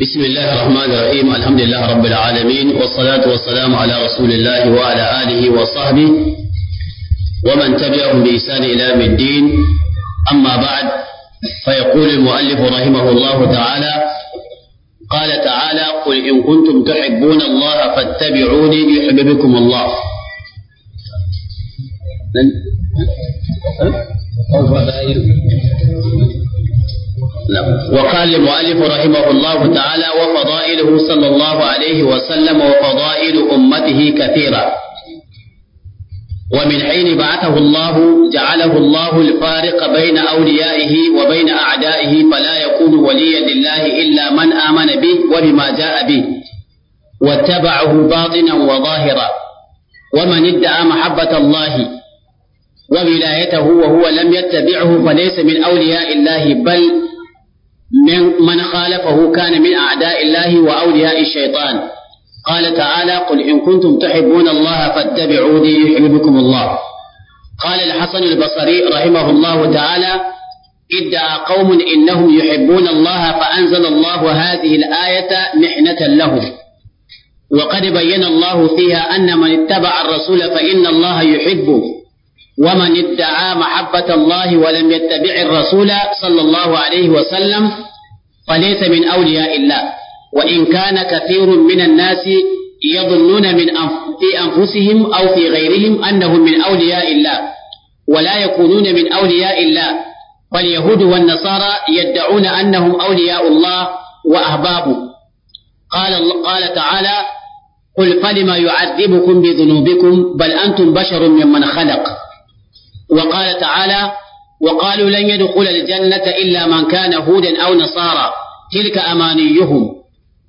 بسم الله الرحمن الرحيم الحمد لله رب العالمين والصلاة والسلام على رسول الله وعلى آله وصحبه ومن تبعهم بإحسان إلى يوم الدين أما بعد فيقول المؤلف رحمه الله تعالى قال تعالى قل إن كنتم تحبون الله فاتبعوني يحببكم الله أه؟ نعم وقال المؤلف رحمه الله تعالى وفضائله صلى الله عليه وسلم وفضائل أمته كثيرة ومن حين بعثه الله جعله الله الفارق بين أوليائه وبين أعدائه فلا يكون وليا لله إلا من آمن به وبما جاء به واتبعه باطنا وظاهرا ومن ادعى محبة الله وولايته وهو لم يتبعه فليس من أولياء الله بل من من خالفه كان من أعداء الله وأولياء الشيطان قال تعالى قل إن كنتم تحبون الله فاتبعوني يحببكم الله قال الحسن البصري رحمه الله تعالى ادعى قوم إنهم يحبون الله فأنزل الله هذه الآية محنة لهم وقد بين الله فيها أن من اتبع الرسول فإن الله يحبه ومن ادعى محبة الله ولم يتبع الرسول صلى الله عليه وسلم فليس من أولياء الله وإن كان كثير من الناس يظنون من في أنفسهم أو في غيرهم أنهم من أولياء الله ولا يكونون من أولياء الله فاليهود والنصارى يدعون أنهم أولياء الله وأحبابه قال, قال تعالى قل فلما يعذبكم بذنوبكم بل أنتم بشر ممن خلق وقال تعالى وقالوا لن يدخل الجنة إلا من كان هودا أو نصارى تلك أمانيهم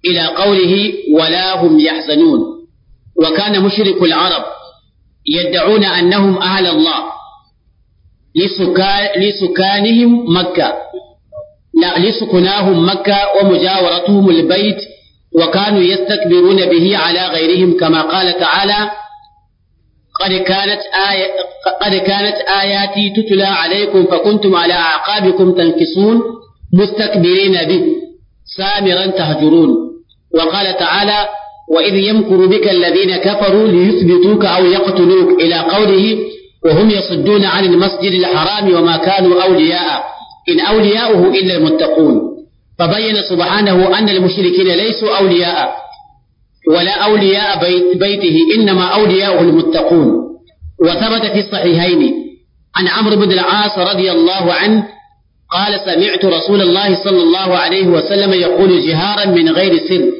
إلى قوله ولا هم يحزنون وكان مشرك العرب يدعون أنهم أهل الله لسكانهم مكة لا لسكناهم مكة ومجاورتهم البيت وكانوا يستكبرون به على غيرهم كما قال تعالى قد كانت آية قد كانت آياتي تتلى عليكم فكنتم على أعقابكم تنكصون مستكبرين به سامرا تهجرون وقال تعالى وإذ يمكر بك الذين كفروا ليثبتوك أو يقتلوك إلى قوله وهم يصدون عن المسجد الحرام وما كانوا أولياء إن أولياؤه إلا المتقون فبين سبحانه أن المشركين ليسوا أولياء ولا أولياء بيت بيته إنما أولياء المتقون وثبت في الصحيحين عن عمرو بن العاص رضي الله عنه قال سمعت رسول الله صلى الله عليه وسلم يقول جهارا من غير سر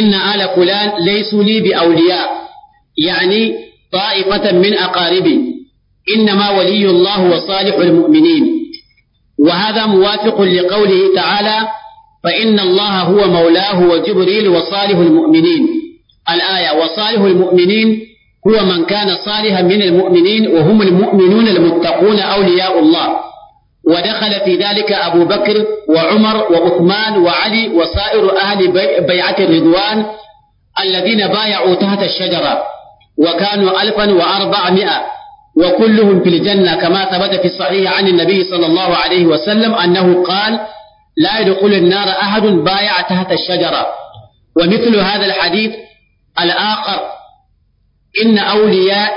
إن آل فلان ليسوا لي بأولياء يعني طائفة من أقاربي إنما ولي الله وصالح المؤمنين وهذا موافق لقوله تعالى فإن الله هو مولاه وجبريل وصالح المؤمنين الآية وصالح المؤمنين هو من كان صالحا من المؤمنين وهم المؤمنون المتقون أولياء الله ودخل في ذلك أبو بكر وعمر وعثمان وعلي وسائر أهل بيعة الرضوان الذين بايعوا تحت الشجرة وكانوا ألفا وأربعمائة وكلهم في الجنة كما ثبت في الصحيح عن النبي صلى الله عليه وسلم أنه قال لا يدخل النار أحد بايع تحت الشجرة ومثل هذا الحديث الآخر إن أولياء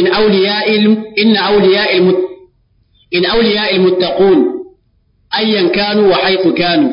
إن أولياء إن أولياء إن أولياء المتقون أيا كانوا وحيث كانوا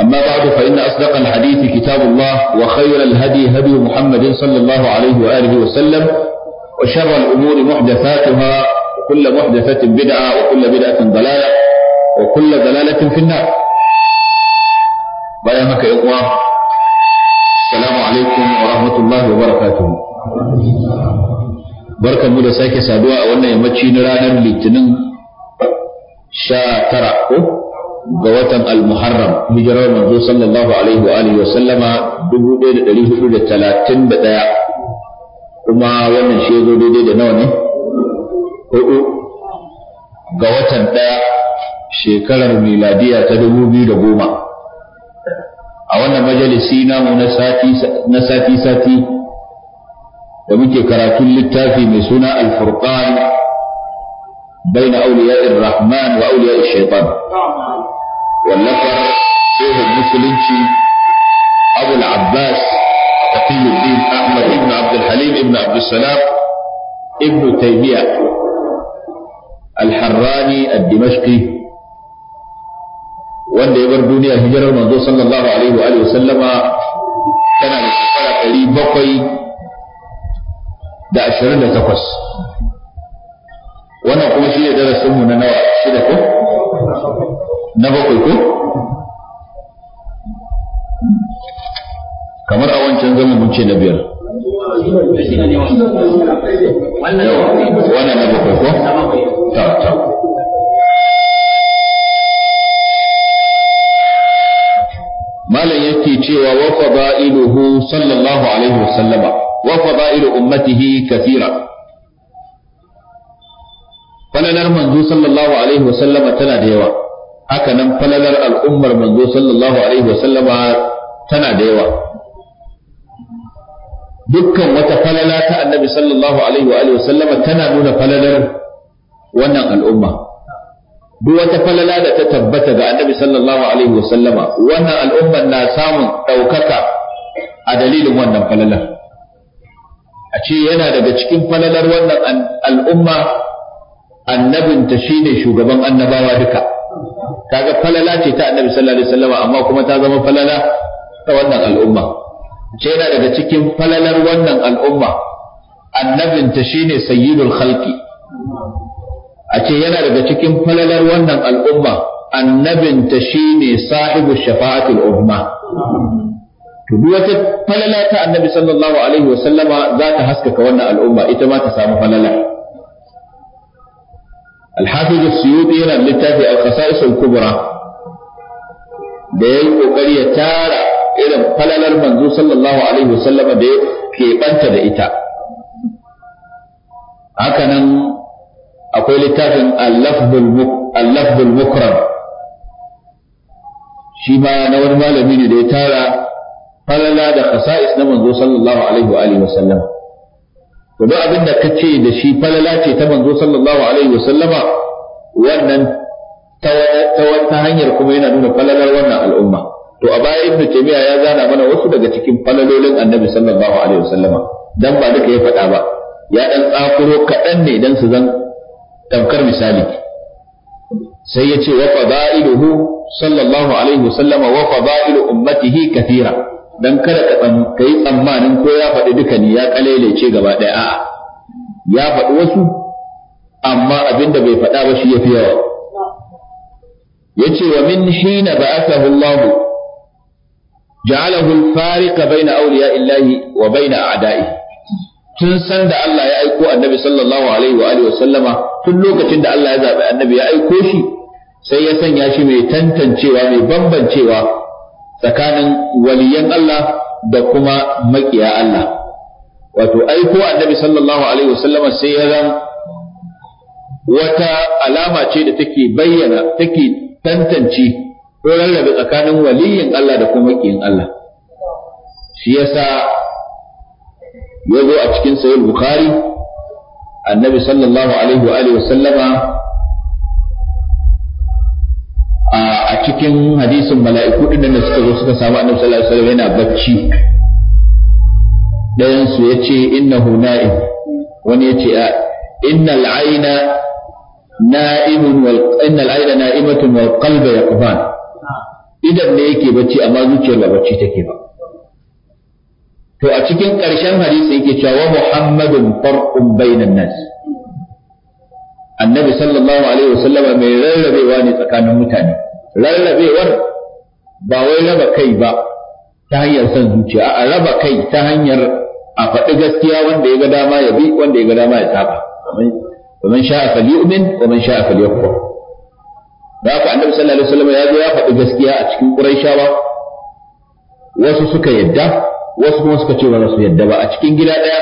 أما بعد فإن أصدق الحديث كتاب الله وخير الهدي هدي محمد صلى الله عليه وآله وسلم وشر الأمور محدثاتها وكل محدثة بدعة وكل بدعة ضلالة وكل ضلالة في النار بيامك إخوة السلام عليكم ورحمة الله وبركاته بركة مدى ساكي سادوا وأن يمتشي نرانا لتنم شا ترى ga watan al-muharram hijirar manzo sallallahu alaihi wa alihi wa sallama 1431 kuma wannan shi zo daidai da nawa ne hudu ga watan daya shekarar miladiya ta 2010 a wannan majalisi namu na sati na sati sati da muke karatun littafi mai suna al-furqan baina awliya'ir rahman wa awliya'ir shaytan wallafar tsohon musulunci abul abbas taqiyuddin ahmad ibn abdul halim ibn abdul salam ibn taymiya al-harrani ad wanda ya bar duniya hijirar manzo sallallahu alaihi wa sallama tana da shekara ɗari bakwai da ashirin da takwas wannan kuma shi ne darasinmu na nawa shida ko na bakwai ko kamar a wancan zama mun ce na biyar wannan na bakwai ko ta ta malam yake cewa wa fada'iluhu sallallahu alaihi wasallama wa fada'ilu ummatihi kathira falalar manzo sallallahu alaihi wasallama tana da yawa haka nan falalar al'ummar manzo sallallahu alaihi wasallama tana da yawa dukkan wata falala ta annabi sallallahu alaihi wa wasallama tana nuna falalar wannan al'umma duk wata falala da ta tabbata ga annabi sallallahu alaihi wasallama wannan al'umman na samun ɗaukaka a dalilin wannan falalar a ce yana daga cikin falalar wannan al'umma annabinta shine shugaban annabawa duka kaga falala ce ta annabi sallallahu alaihi wasallam amma kuma ta zama falala ta wannan al'umma ce yana daga cikin falalar wannan al'umma annabinta shine sayyidul khalqi a ce yana daga cikin falalar wannan al'umma annabinta shine sahibu shafa'atul umma to duk wata falala ta annabi sallallahu alaihi wasallama za ta haskaka wannan al'umma ita ma ta samu falala الحافظ السيوطي yana littafi al-khasa'is al-kubra da yayi kokari ya tara irin falalar manzo sallallahu alaihi wasallama da ya keɓanta da ita Haka nan akwai littafin al-lafdul mukram shi ma na wani malami ne da ya tara falala da khasa'is na manzo sallallahu alaihi wasallama to duk abin da ka ce da shi falala ce ta manzo sallallahu alaihi wa sallama wannan ta wata hanyar kuma yana nuna falalar wannan al'umma to a baya ibnu taymiya ya zana mana wasu daga cikin falalolin annabi sallallahu alaihi wa sallama dan ba duka ya faɗa ba ya dan tsakuro kaɗan ne dan su zan tamkar misali sai ya ce wa fada'iluhu sallallahu alaihi wa sallama wa fada'ilu ummatihi kathira dan kada ka yi tsammanin ko ya faɗi duka ni ya ce gaba ɗaya a'a ya faɗi wasu amma abin da bai faɗa ba shi ya fi yawa yace wa min hina ba'athahu Allah ja'alahu al-fariqa baina awliya'i illahi wa baina a'da'ihi tun san da Allah ya aiko annabi sallallahu alaihi wa alihi wa sallama tun lokacin da Allah ya zaɓi annabi ya aiko shi sai ya sanya shi mai tantancewa mai bambancewa tsakanin waliyan Allah da kuma maƙiya Allah wato aiko annabi sallallahu alaihi wasallama sai ya zan wata alama ce da take bayyana take tantance ko rarrabe tsakanin waliyin Allah da kuma maƙiyin Allah shi yasa ya zo a cikin sahih bukhari annabi sallallahu alaihi wa sallama a cikin hadisin mala'iku din da suka zo suka samu annabi sallallahu alaihi wasallam yana bacci dayan su yace innahu na'im wani yace a innal aina na'imun wal innal aina na'imatun wal qalbu yaqban idan ne yake bacci amma zuciyar ba bacci take ba to a cikin ƙarshen hadisi yake cewa muhammadun farqun bainan nas annabi sallallahu alaihi wasallam mai rarrabewa ne tsakanin mutane wani ba wai raba kai ba ta hanyar son zuciya a raba kai ta hanyar a faɗi gaskiya wanda ya ga dama ya bi wanda ya ga dama ya fali umin شاء sha a fali فليكفر da haka annabi sallallahu alaihi wasallam ya zo ya faɗi gaskiya a cikin quraishawa wasu suka yadda wasu kuma suka ce ba su yadda ba a cikin gida ɗaya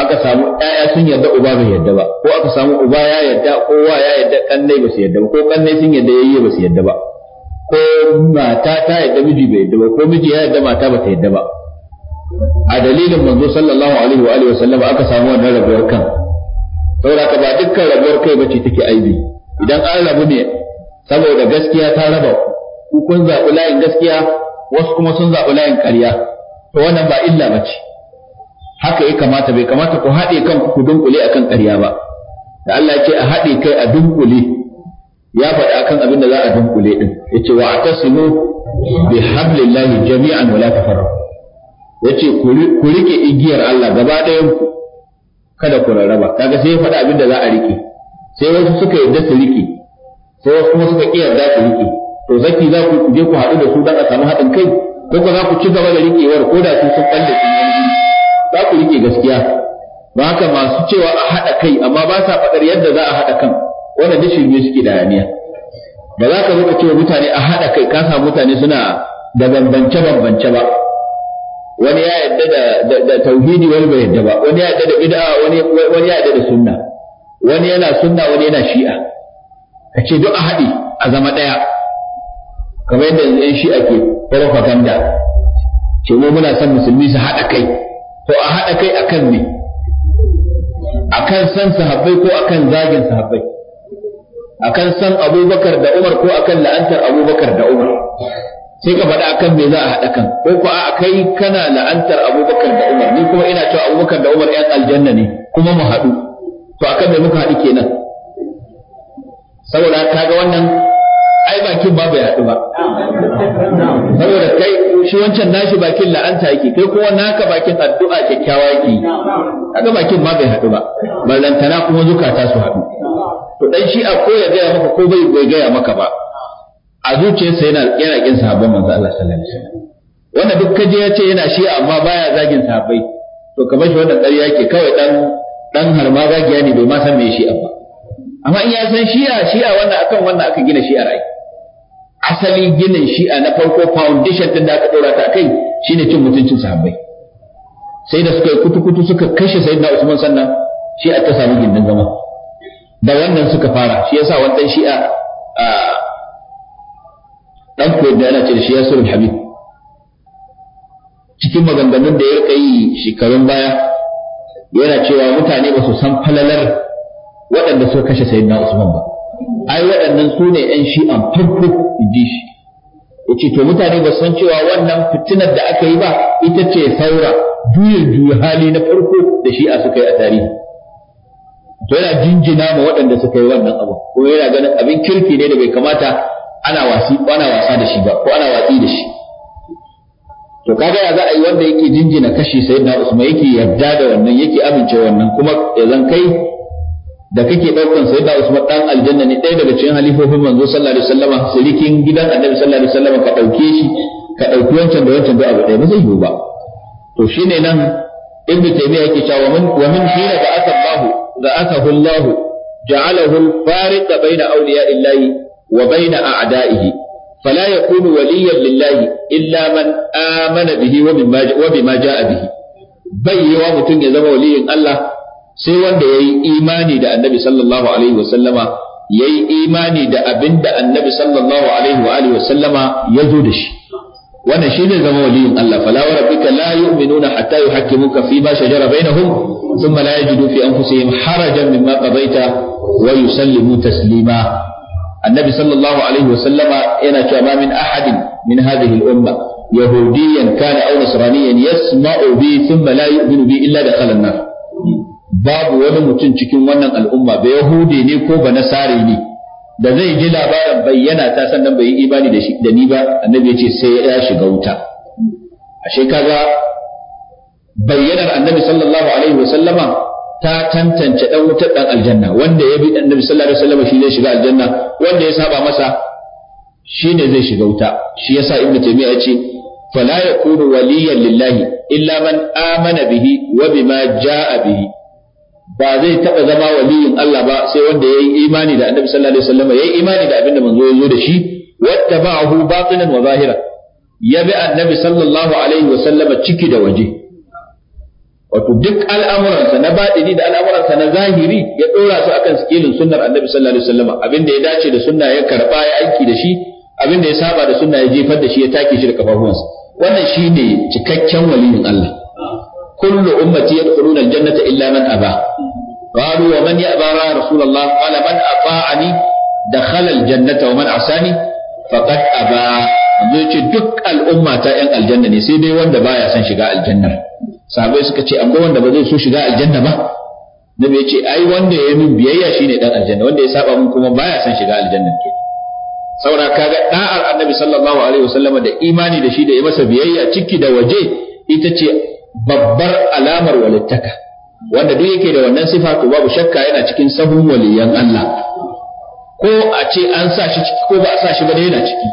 aka samu ɗaya sun yarda uba bai yarda ba ko aka samu uba ya yarda kowa ya yarda kannai ba su yarda ba ko kannai sun yarda yayye ba su yarda ba ko mata ta yarda miji bai yarda ba ko miji ya yarda mata ba ta yarda ba a dalilin manzo sallallahu alaihi wa alihi wasallam aka samu wannan rabuwar kan saboda ka ba dukkan rabuwar kai bace take aibi idan an rabu ne saboda gaskiya ta raba ku kun zaɓi layin gaskiya wasu kuma sun zaɓi layin ƙarya to wannan ba illa bace haka ya kamata bai kamata ku haɗe kanku ku dunkule kan ƙarya ba da Allah ce a haɗe kai a dunkule ya faɗa kan abin da za a dunkule din yace wa atasimu bi hablillahi jami'an wala ta tafarraqu yace ku riƙe igiyar Allah gaba ɗayan ku kada ku rarraba kaga sai ya faɗa abin da za a riƙe. sai wasu suka yarda su riƙe sai wasu kuma suka ƙi yarda su riƙe. to zaki za ku je ku haɗu da su don a samu haɗin kai ko ku za ku ci gaba da riƙewar ko da su sun ɓalle sun yanzu za ku rike gaskiya ba haka masu cewa a haɗa kai amma ba sa faɗar yadda za a haɗa kan wannan da shirme suke da yaniya ba za ka zo ka cewa mutane a haɗa kai ka samu mutane suna da bambance bambance ba wani ya yadda da da tauhidi wani bai yadda ba wani ya yadda da bid'a wani wani ya yadda da sunna wani yana sunna wani yana shi'a ka ce duk a haɗi a zama ɗaya kamar yadda yanzu 'yan shi'a ke propaganda ce mu muna son musulmi su haɗa kai to a haɗa kai akan me akan san sahabbai ko akan zagin sahabbai akan san abubakar da umar ko akan la'antar abubakar da umar sai ka faɗa akan me za a haɗa kan ko ko a kai kana la'antar abubakar da umar ni kuma ina cewa abubakar da umar yan aljanna ne kuma mu haɗu to akan me muka haɗu kenan saboda ga wannan ai bakin ba bai haɗu ba saboda kai shi wancan nashi bakin la'anta yake kai kuma naka bakin addu'a kyakkyawa yake kaga bakin ma bai haɗu ba ballantana kuma zukata su haɗu to dan shi a ya gaya maka ko bai bai gaya maka ba a zuciyarsa yana yana kin sahabban manzo Allah sallallahu alaihi wasallam wannan duk kaje ya ce yana shi amma baya zagin sahabbai to ka bar shi wannan ƙarya yake kawai dan dan harma zagiya ne bai ma san me shi amma. amma in ya san shi'a shi'a wannan akan wannan aka gina shi'a rai asalin ginin shi'a na farko foundation din da aka dora ta kai shine cin mutuncin sahabbai sai da suka yi kutu-kutu suka kashe sayyidina Usman sannan shi'a ta samu gindin zama da wannan suka fara shi yasa wannan shi'a a dan koyar da ana ce shi Yasir Habib cikin maganganun da ya kai shekarun baya yana cewa mutane ba su san falalar waɗanda suka kashe sayyidina Usman ba ai waɗannan su ne ‘yan an farko ji shi ce to mutane ba san cewa wannan fitinar da aka yi ba ita ce saura juya juya hali na farko da a suka yi a tarihi to yana jinjina ma waɗanda suka yi wannan abu kuma yana ganin abin kirki ne da bai kamata ana wasi ana wasa da shi ba ko ana watsi da shi to kaga ya za a yi wanda yake jinjina kashi sayyidina usman yake yarda da wannan yake amince wannan kuma ya zan kai da kake daukan sayyida Usman dan aljanna ne ɗaya daga cikin halifofin manzo sallallahu alaihi wasallam sirikin gidan annabi sallallahu alaihi wasallam ka dauke shi ka dauki wancan da wancan da abu ɗaya ba zai yiwu ba to shine nan ibnu taymiya yake cewa min wa min hina da aka Allahu da aka Allahu ja'alahu al-fariq baina awliya'illahi wa baina a'da'ihi فلا يكون وليا لله إلا من آمن به وبما جاء به bai yi wa mutum ya zama waliyin Allah sai wanda ya yi imani da annabi sallallahu alaihi wasallama ya yi imani da abin da annabi sallallahu alaihi wa wasallama ya zo da shi wannan shi ne zama waliyin Allah fala wa rabbika la yu'minuna hatta yuhaqqimuka fi ma shajara bainahum thumma la yajidu fi anfusihim harajan mimma qadaita wa yusallimu taslima annabi sallallahu alaihi wasallama yana cewa ma min ahadin min hadhihi al-umma yahudiyan kana aw nasraniyan yasma'u bi thumma la yu'minu bi illa dakhala an-nar babu wani mutum cikin wannan al'umma ba Yahudi ne ko ba Nasare ne da zai ji labarin bayyana ta sannan bai yi imani da ni ba annabi ya ce sai ya shiga wuta ashe kaga bayyanar annabi sallallahu alaihi wa sallama ta tantance dan wutar dan aljanna wanda ya bi annabi sallallahu alaihi wa sallama shi zai shiga aljanna wanda ya saba masa shi ne zai shiga wuta shi yasa ibnu taymiya ya ce Fala فلا يكون وليا لله إلا من آمن به وبما جاء bihi. ba zai taɓa zama waliyin Allah ba sai wanda ya yi imani da annabi sallallahu alaihi wasallam ya yi imani da abinda manzo ya zo da shi wata ba'ahu batinan wa zahira ya bi annabi sallallahu alaihi wasallam ciki da waje wato duk al'amuransa na baɗini da al'amuransa na zahiri ya ɗora su akan sikilin sunnar annabi sallallahu alaihi wasallam abinda ya dace da sunna ya karɓa ya aiki da shi abinda ya saba da sunna ya jefar da shi ya take shi da kafafuwansa wannan shine cikakken waliyin Allah kullu ummati yadkhuluna aljannata illa man aba قالوا ومن يأبى يا رسول الله قال من أطاعني دخل الجنة ومن عصاني فقد أبى yanzu ya ce duk al'umma ta ‘yan aljanna ne sai dai wanda baya son shiga aljanna sahabai suka ce akwai wanda ba zai so shiga aljanna ba nabi ya ce ai wanda ya min biyayya shine dan aljanna wanda ya saba mun kuma baya son shiga aljanna to saboda kaga da'ar annabi sallallahu alaihi wasallama da imani da shi da ya masa biyayya ciki da waje ita ce babbar alamar walittaka wanda duk yake da wannan sifa to babu shakka yana cikin sahun waliyan Allah ko a ce an sa shi ciki ko ba a sa shi ba dai yana ciki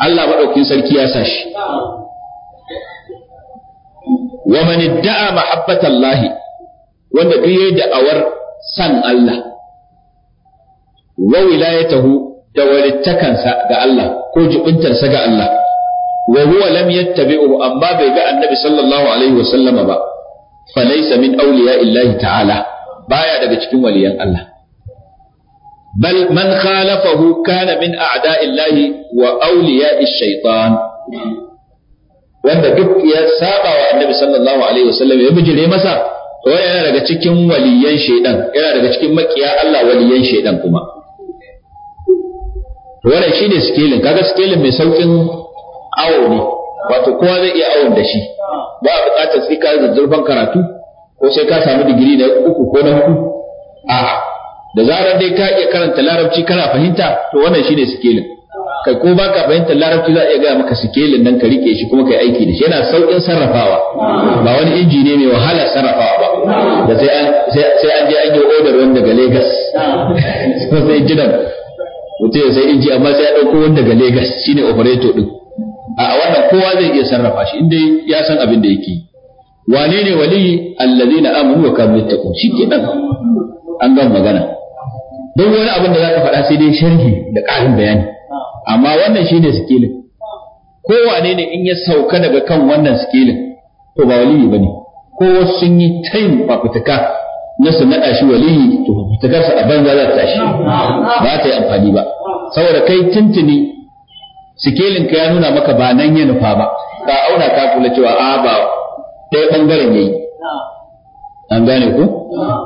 Allah maɗaukin sarki ya sa shi wa man da'a mahabbatallahi wanda duk yayi da'awar san Allah wa wilayatahu da walittakansa ga Allah ko jibintarsa ga Allah wa huwa lam yattabi'u amma bai ga annabi sallallahu alaihi wa sallama ba falaysa min awliya illahi ta'ala baya daga cikin waliyan Allah bal man khalafahu kana min a'da'illahi wa awliya'ish shaitan wanda duk ya saba wa annabi sallallahu alaihi wasallam ya bijire masa to yana daga cikin waliyan shaidan yana daga cikin makiya Allah waliyan shaidan kuma to wannan shine skelin kaga skelin mai saukin awo ne wato kowa zai iya awon da shi ba a buƙatar sai ka zazzurfan karatu ko sai ka samu digiri na uku ko na hudu a'a da zarar dai ka iya karanta larabci kana fahimta to wannan shine sikelin kai ko baka fahimta larabci za a iya gaya maka sikelin nan ka rike shi kuma kai aiki da shi yana sauƙin sarrafawa ba wani inji ne mai wahala sarrafawa ba da sai an je an yi order wanda daga Lagos sai jinan mutum ya sai inji amma sai a ɗauko wanda daga Lagos shine operator din a wannan kowa zai iya sarrafa shi inda ya san abin da yake wane ne wali allazina amanu wa kanu ke nan. an ga magana Don wani abin da zaka faɗa sai dai sharhi da ƙarin bayani amma wannan shine sikilin kowane ne in ya sauka daga kan wannan sikilin to ba waliyi bane ko sun yi tayin fafutuka na su naɗa shi waliyi to fafutukarsa a banza za ta tashi ba ta yi amfani ba saboda kai tuntuni sikelin ka ya nuna maka ba nan ya nufa ba ka auna ka kula cewa a ah, ba ɗaya bangaren yayi an gane ku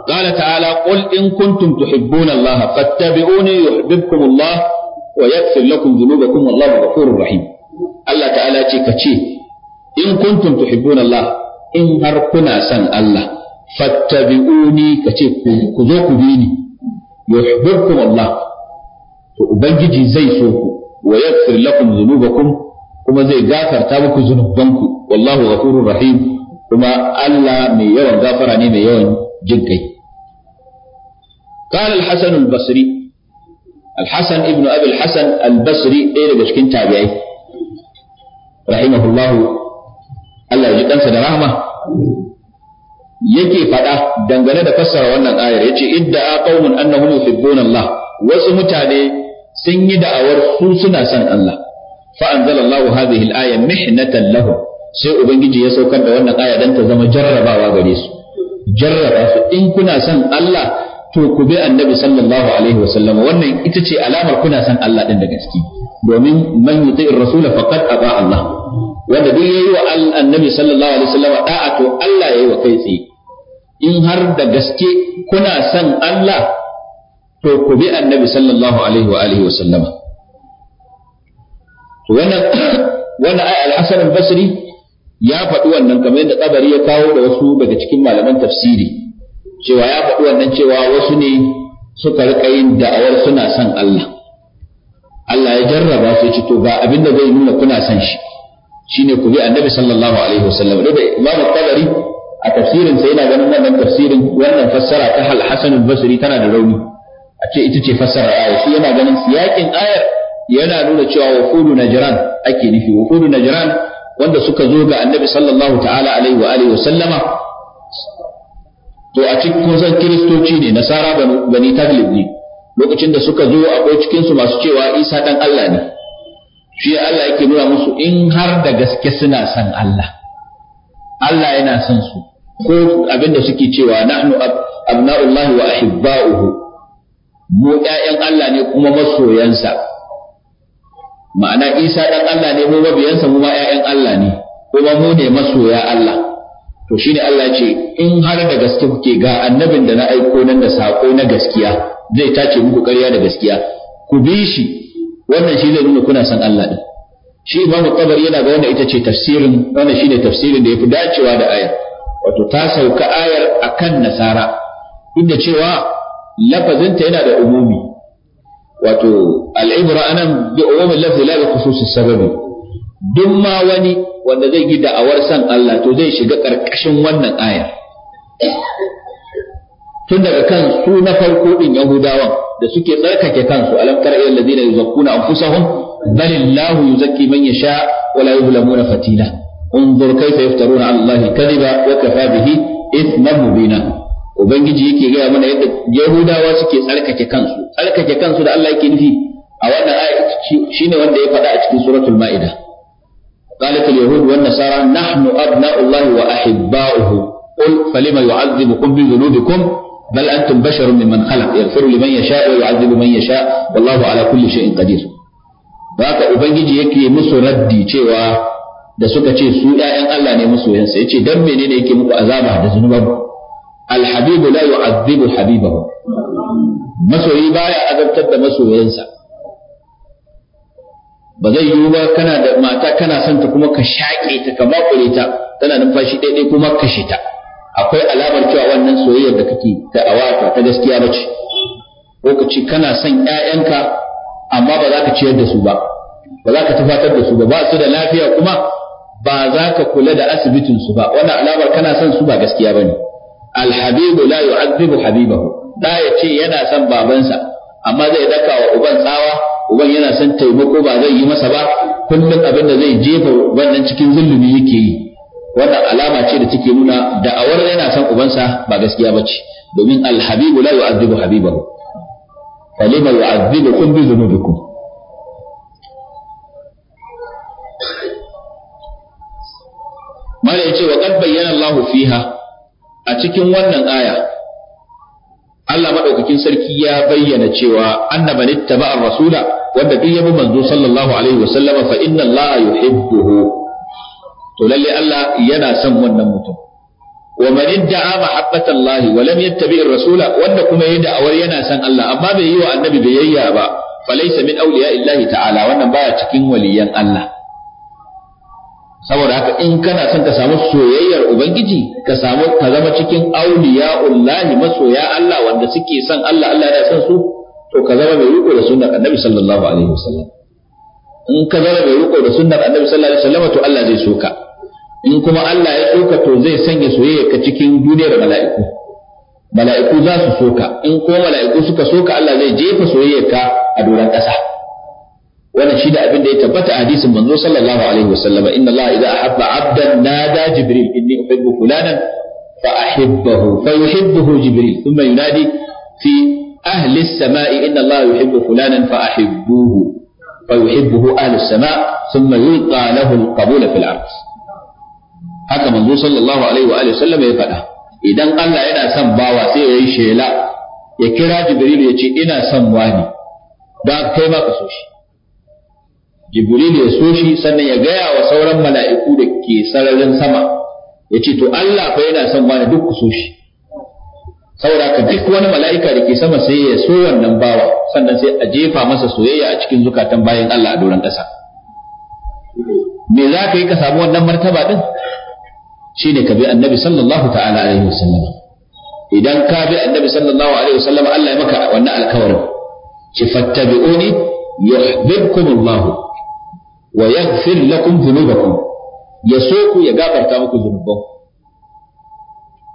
qala ta'ala qul in kuntum tuhibbuna allaha fattabi'uni yuhibbukum allah wa yaghfir lakum dhunubakum wallahu ghafurur rahim Allah ta'ala ce ka ce in kuntum tuhibbuna Allah in har kuna son Allah fattabi'uni ka ce ku zo ku bi ni yuhibbukum Allah to ubangiji zai so ku wa yaghfir lakum dhunubakum kuma zai gafarta muku zunubanku wallahu ghafurur rahim kuma Allah mai yawan gafara ne mai yawan jinkai قال الحسن البصري الحسن ابن أبي الحسن البصري إيه بشكين تابعي رحمه الله الله yake faɗa dangane da fassara wannan ayar yace idda qaumun annahum yuhibbuna Allah wasu mutane sun yi da'awar su suna son Allah fa anzalallahu hadhihi al-aya mihnatan lahum sai ubangiji ya saukar da wannan aya dan ta zama jarrabawa gare su jarraba su in kuna son Allah to ku bi annabi sallallahu alaihi wasallam wannan ita ce alamar kuna son Allah din da gaske domin man yuti'ir rasul faqad aba Allah wanda duk yayi wa annabi sallallahu alaihi wasallam da'a to Allah yayi wa kai tsaye in har da gaske kuna son Allah to ku bi annabi sallallahu alaihi wa alihi wa sallama to wannan wannan ai al-Hasan al-Basri ya faɗi wannan kamar yadda tsabari ya kawo da wasu daga cikin malaman tafsiri cewa ya faɗi wannan cewa wasu ne suka rika yin da'awar suna son Allah Allah ya jarraba su ci to ga abin da zai nuna kuna son shi shine ku bi annabi sallallahu alaihi wa sallam da Imam Tabari a tafsirin sa yana ganin wannan tafsirin wannan fassara ta Al-Hasan al-Basri tana da rauni a ce ita ce fassara aya shi yana ganin siyakin ayar yana nuna cewa wufudu najran ake nufi wufudu najran wanda suka zo ga annabi sallallahu ta'ala alaihi wa alihi wa sallama to a cikin kusan kiristoci ne nasara bani taglib ne lokacin da suka zo akwai cikin su masu cewa isa dan Allah ne shi Allah yake nuna musu in har da gaske suna son Allah Allah yana son su ko abinda suke cewa nahnu abna'ullahi wa ahibba'uhu mu 'ya'yan Allah ne kuma masoyansa ma'ana Isa ɗan Allah ne mu mabiyansa mu ma 'ya'yan Allah ne kuma mu ne masoya Allah to shine Allah ce in har da gaske kuke ga annabin da na aiko nan da sako na gaskiya zai tace muku ƙarya da gaskiya ku bi shi wannan shi zai nuna kuna san Allah din shi Imam Tabari yana ga wannan ita ce tafsirin wannan shine tafsirin da ya fi dacewa da ayar wato ta sauka ayar akan nasara inda cewa lafazinta yana da umumi wato al'ibra anan bi umumin lafzi la bi khususis sababi duk ma wani wanda zai yi da'awar san Allah to zai shiga ƙarƙashin wannan ayar tun daga kan su na farko din Yahudawan da suke tsarkake kansu alam tara ilal ladina yuzakkuna anfusahum bal illahu yuzakki man yasha wa la yuzlamuna fatila انظر كيف يفترون على الله الكذب وكفى به اثما مبينا ubangiji yake gaya mana yadda yahudawa suke tsarkake kansu tsarkake kansu da Allah yake nufi a wannan aya shine wanda ya faɗa a cikin suratul ma'ida قالت اليهود والنصارى نحن أبناء الله وأحباؤه قل فلما يعذبكم بذنوبكم بل أنتم بشر ممن خلق يغفر لمن يشاء ويعذب من يشاء والله على كل شيء قدير haka ubangiji yake musu raddi cewa da suka ce su ‘ya'yan Allah ne masoyansa ya ce don menene yake muku azaba da alhabibu la yu'adhibu habibahu masoyi baya azabtar da masoyansa ba zai yiwu ba kana da mata kana son ta kuma ka ta ka makure ta tana numfashi ɗaiɗai kuma kashe ta akwai alamar cewa wannan soyayyar da kake ta awata ta gaskiya bace ko ka ce kana son 'ya'yanka amma ba za ka ciyar da su ba ba za ka tufatar da su ba basu da lafiya kuma ba za ka kula da asibitinsu su ba wannan alamar kana son su ba gaskiya bane alhabibu la yu'adhibu habibahu da ya ce yana son babansa amma zai daka wa uban tsawa uban yana son taimako ba zai yi masa ba kullum abin da zai jefa wannan cikin zulumi yake yi wanda alama ce da take nuna da'awar yana son ubansa ba gaskiya bace domin alhabibu la yu'adhibu habibahu falima kun bi zunubikum mala yace wa qad bayyana Allah fiha a cikin wannan aya Allah madaukakin sarki ya bayyana cewa annaba nittaba rasula wanda duk ya bi manzo sallallahu alaihi wa sallama fa inna Allah yuhibbuhu to lalle Allah yana son wannan mutum wa man idda'a mahabbatallahi wa lam yattabi' rasula wanda kuma yayi da'awar yana son Allah amma bai yi wa annabi biyayya ba falaysa min illahi ta'ala wannan baya cikin waliyan Allah saboda haka in kana son ka samu soyayyar ubangiji ka samu ka zama cikin auliya, ullahi masoya Allah wanda suke son Allah Allah yana son su to ka zama mai riko da sunnar annabi sallallahu alaihi wasallam in ka zama mai riko da sunnar annabi sallallahu alaihi wasallam to Allah zai so ka in kuma Allah ya so ka to zai sanya soyayya ka cikin duniyar mala'iku mala'iku za su so ka in kuma mala'iku suka so ka Allah zai jefa soyayyarka a doron ƙasa wannan shi da abin da ya tabbata a hadisin manzo sallallahu alaihi wasallam inna allaha idza ahabba abdan nada jibril inni uhibbu fulanan fa ahibbahu fa yuhibbuhu jibril thumma yunadi fi ahli as-sama'i inna allaha yuhibbu fulanan fa ahibbuhu fa yuhibbuhu ahli as-sama' thumma yulqa lahu al-qabula fil ard haka manzo sallallahu alaihi wa alihi wasallam ya faɗa idan Allah yana son bawa sai ya yi shela ya kira jibril ya ce ina son wani da kai ma ka so shi jibril ya so shi sannan ya gaya wa sauran mala'iku da ke sararin sama ya ce to Allah fa yana son wani duk ku so shi saboda ka duk wani mala'ika da ke sama sai ya so wannan bawa sannan sai a jefa masa soyayya a cikin zukatan bayan Allah a doron ƙasa me za ka yi ka samu wannan martaba din shine ka bi annabi sallallahu ta'ala alaihi wasallam idan ka bi annabi sallallahu alaihi wasallam Allah ya maka wannan alkawarin ki fattabi'uni yuhibbukum Allah wa yaghfir lakum dhunubakum ya so ku ya gafarta muku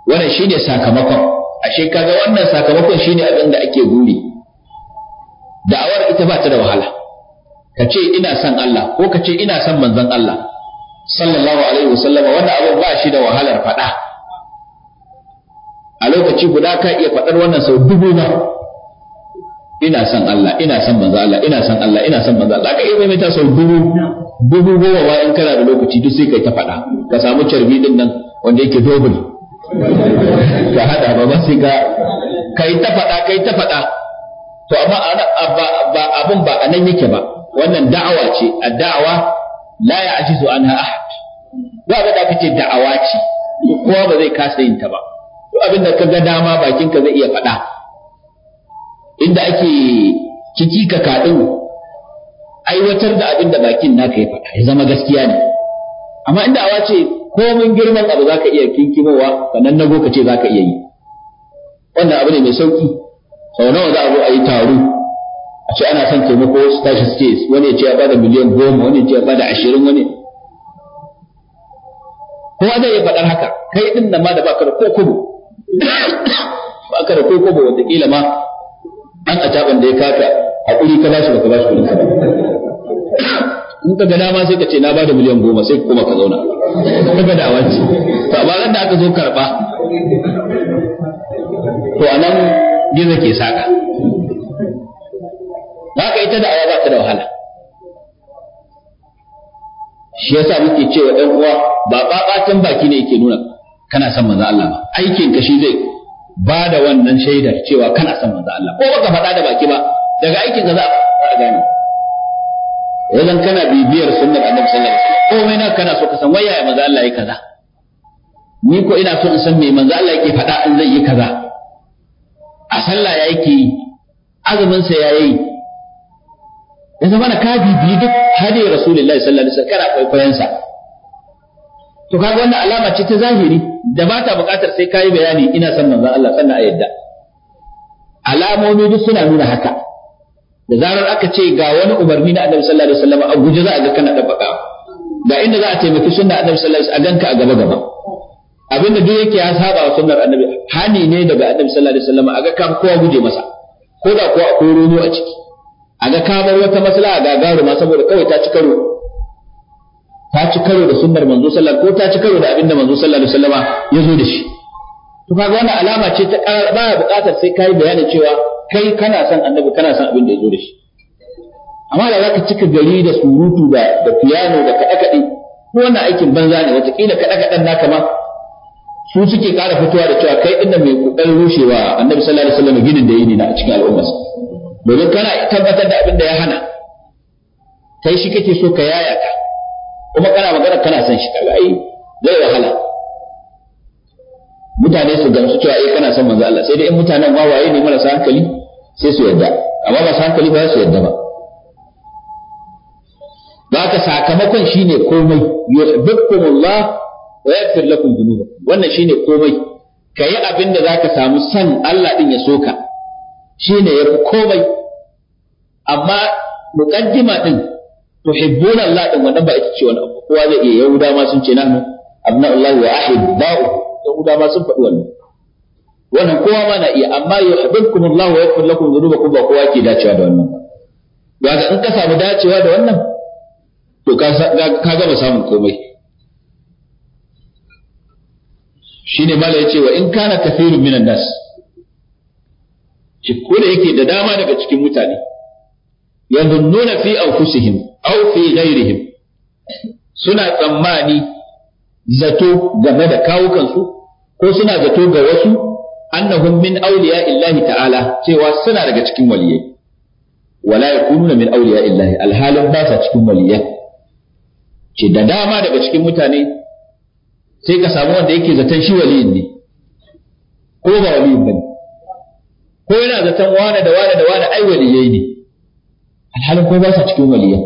wannan shine sakamakon ashe kaga wannan sakamakon shine abin da ake guri da'awar ita ba ta da wahala ka ce ina son Allah ko ka ce ina son manzon Allah sallallahu alaihi wasallam wannan abin ba shi da wahalar faɗa a lokaci guda ka iya faɗar wannan sau dubu na ina son Allah ina son manzo Allah ina son Allah ina son manzo Allah kai mai ta sau dubu dubu goma ba in kana da lokaci duk sai kai ta faɗa ka samu carbi din nan wanda yake double ka hada ba ba sai ka kai ta faɗa kai ta faɗa to amma ba abun ba anan yake ba wannan da'awa ce da'awa dawa la ya'jizu anha ahad ba ga da kace da'awa ce kowa ba zai kasa yin ta ba to abinda ka ga dama bakin ka zai iya faɗa inda ake ka kaɗin aiwatar da abin da bakin naka ya faɗa ya zama gaskiya ne amma inda awa ce komin girman abu zaka iya kinkimowa sannan nago ka ce zaka iya yi wannan abu ne mai sauki sau nawa za a zo a yi taro a ce ana son taimako wasu tashi su wani ya ce ya bada miliyan goma wani ya ce ya bada ashirin wani kowa zai ya faɗar haka kai ɗin nan ma da baka da ko kubo baka da ko kubo kila ma An a taban da ya kata a hakuri ka bashi baka bashi kuɗin ba in ka ga dama sai ka ce na bada miliyan goma sai kuma ka zauna ka ga da wance to amma ran da aka zo karba to anan gizo ke saka haka ita da awa ba ta da wahala shi yasa muke cewa ɗan uwa ba ɓaɓatan baki ne yake nuna kana son manzo Allah ba aikin ka shi zai ba da wannan shaida cewa kana son manzo Allah ko baka faɗa da baki ba daga aikin ka za a gane wajen kana bibiyar sunnar annabi sallallahu alaihi wasallam komai na kana so ka san wayaye manzo Allah yake kaza ni ko ina so in san me manzo Allah yake faɗa in zai yi kaza a sallah ya yake azumin sa ya yi ya zama na ka bibiyi duk hadi rasulullahi sallallahu alaihi wasallam kana kwaikwayon sa to kaga wannan alama ce ta zahiri da ba ta buƙatar sai kayi bayani ina son manzon Allah sannan a yadda alamomi duk suna nuna haka da zarar aka ce ga wani umarni na annabi sallallahu alaihi wasallam a guje za a ga kana dabbaka ga inda za a taimaki sunna annabi sallallahu alaihi wasallam a ganka a gaba gaba abinda duk yake ya saba wa sunnar annabi hani ne daga annabi sallallahu alaihi wasallam a ga ka kowa guje masa ko da kuwa akwai rono a ciki a ga kamar wata maslaha gagaruma saboda kawai ta ci karo ta ci karo da sunnar manzo sallallahu ko ta ci karo da abinda manzo sallallahu alaihi wasallama ya zo da shi to kaga wannan alama ce ta ba buƙatar sai kai bayani cewa kai kana son annabi kana son abin da ya zo da shi amma da zaka cika gari da surutu da da piano da kaɗe kaɗe ko wannan aikin banza ne wata kila kaɗe kaɗen naka ma su suke ƙara fitowa da cewa kai inda mai ƙoƙarin rushewa annabi sallallahu alaihi wasallam ginin da yi na na cikin al'umma domin kana tabbatar da abinda ya hana kai shi kake so ka yaya ka kuma kana magana kana son shi kaga ai zai wahala mutane su gamsu cewa eh kana son manzo Allah sai dai in mutanen waye ne marasa hankali sai su yarda amma masu hankali ba su yarda ba ba ka sakamakon shine komai yuhibbukumullah wa yaghfir lakum dhunubakum wannan shine komai kayi abin da zaka samu son Allah din ya soka shine yafi komai amma muqaddima din tuhibbuna الله din wannan ita ce wani abu kowa iya yahuda ma sun ce nahnu abna'ullahi wa kowa ma na iya amma yuhibbukumullahu wa yaghfir lakum dhunubakum ba kowa ke dacewa da wannan ba ga in ka samu dacewa da wannan to ka gama samun komai shine mala yace wa in kana kafirun minan nas shi ko da yake da dama daga cikin mutane yadunnuna fi anfusihim aw fi ghairihim suna tsammani zato game da kawukansu ko suna zato ga wasu annahum min awliya illahi ta'ala cewa suna daga cikin waliyai wala yakununa min awliya illahi alhalin ba cikin waliyai ce dama daga cikin mutane sai ka samu wanda yake zaton shi waliyin ne ko ba waliyin bane ko yana zaton wane da wane da ai ne alhalin ko ba sa cikin waliya.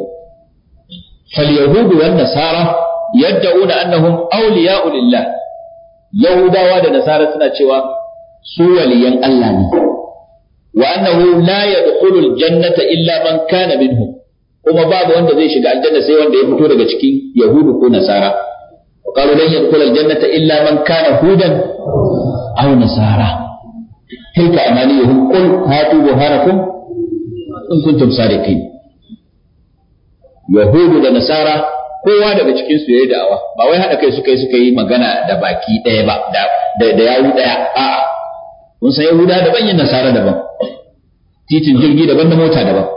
fal yahudu wan nasara yad'una annahum awliya'u lillah yahudawa da nasara suna cewa su waliyan Allah ne wa annahu la yadkhulul jannata illa man kana minhum kuma babu wanda zai shiga aljanna sai wanda ya fito daga cikin yahudu ko nasara وقالوا لن يدخل الجنة إلا من كان هودا أو نصارى تلك أمانيهم قل هاتوا برهانكم in kuntum sadiqin yahudu da nasara kowa daga cikin su yayi da'awa ba wai hada kai suka yi suka yi magana da baki daya ba da da yawu daya a mun san yahuda daban yin nasara daban titin jirgi daban da mota daban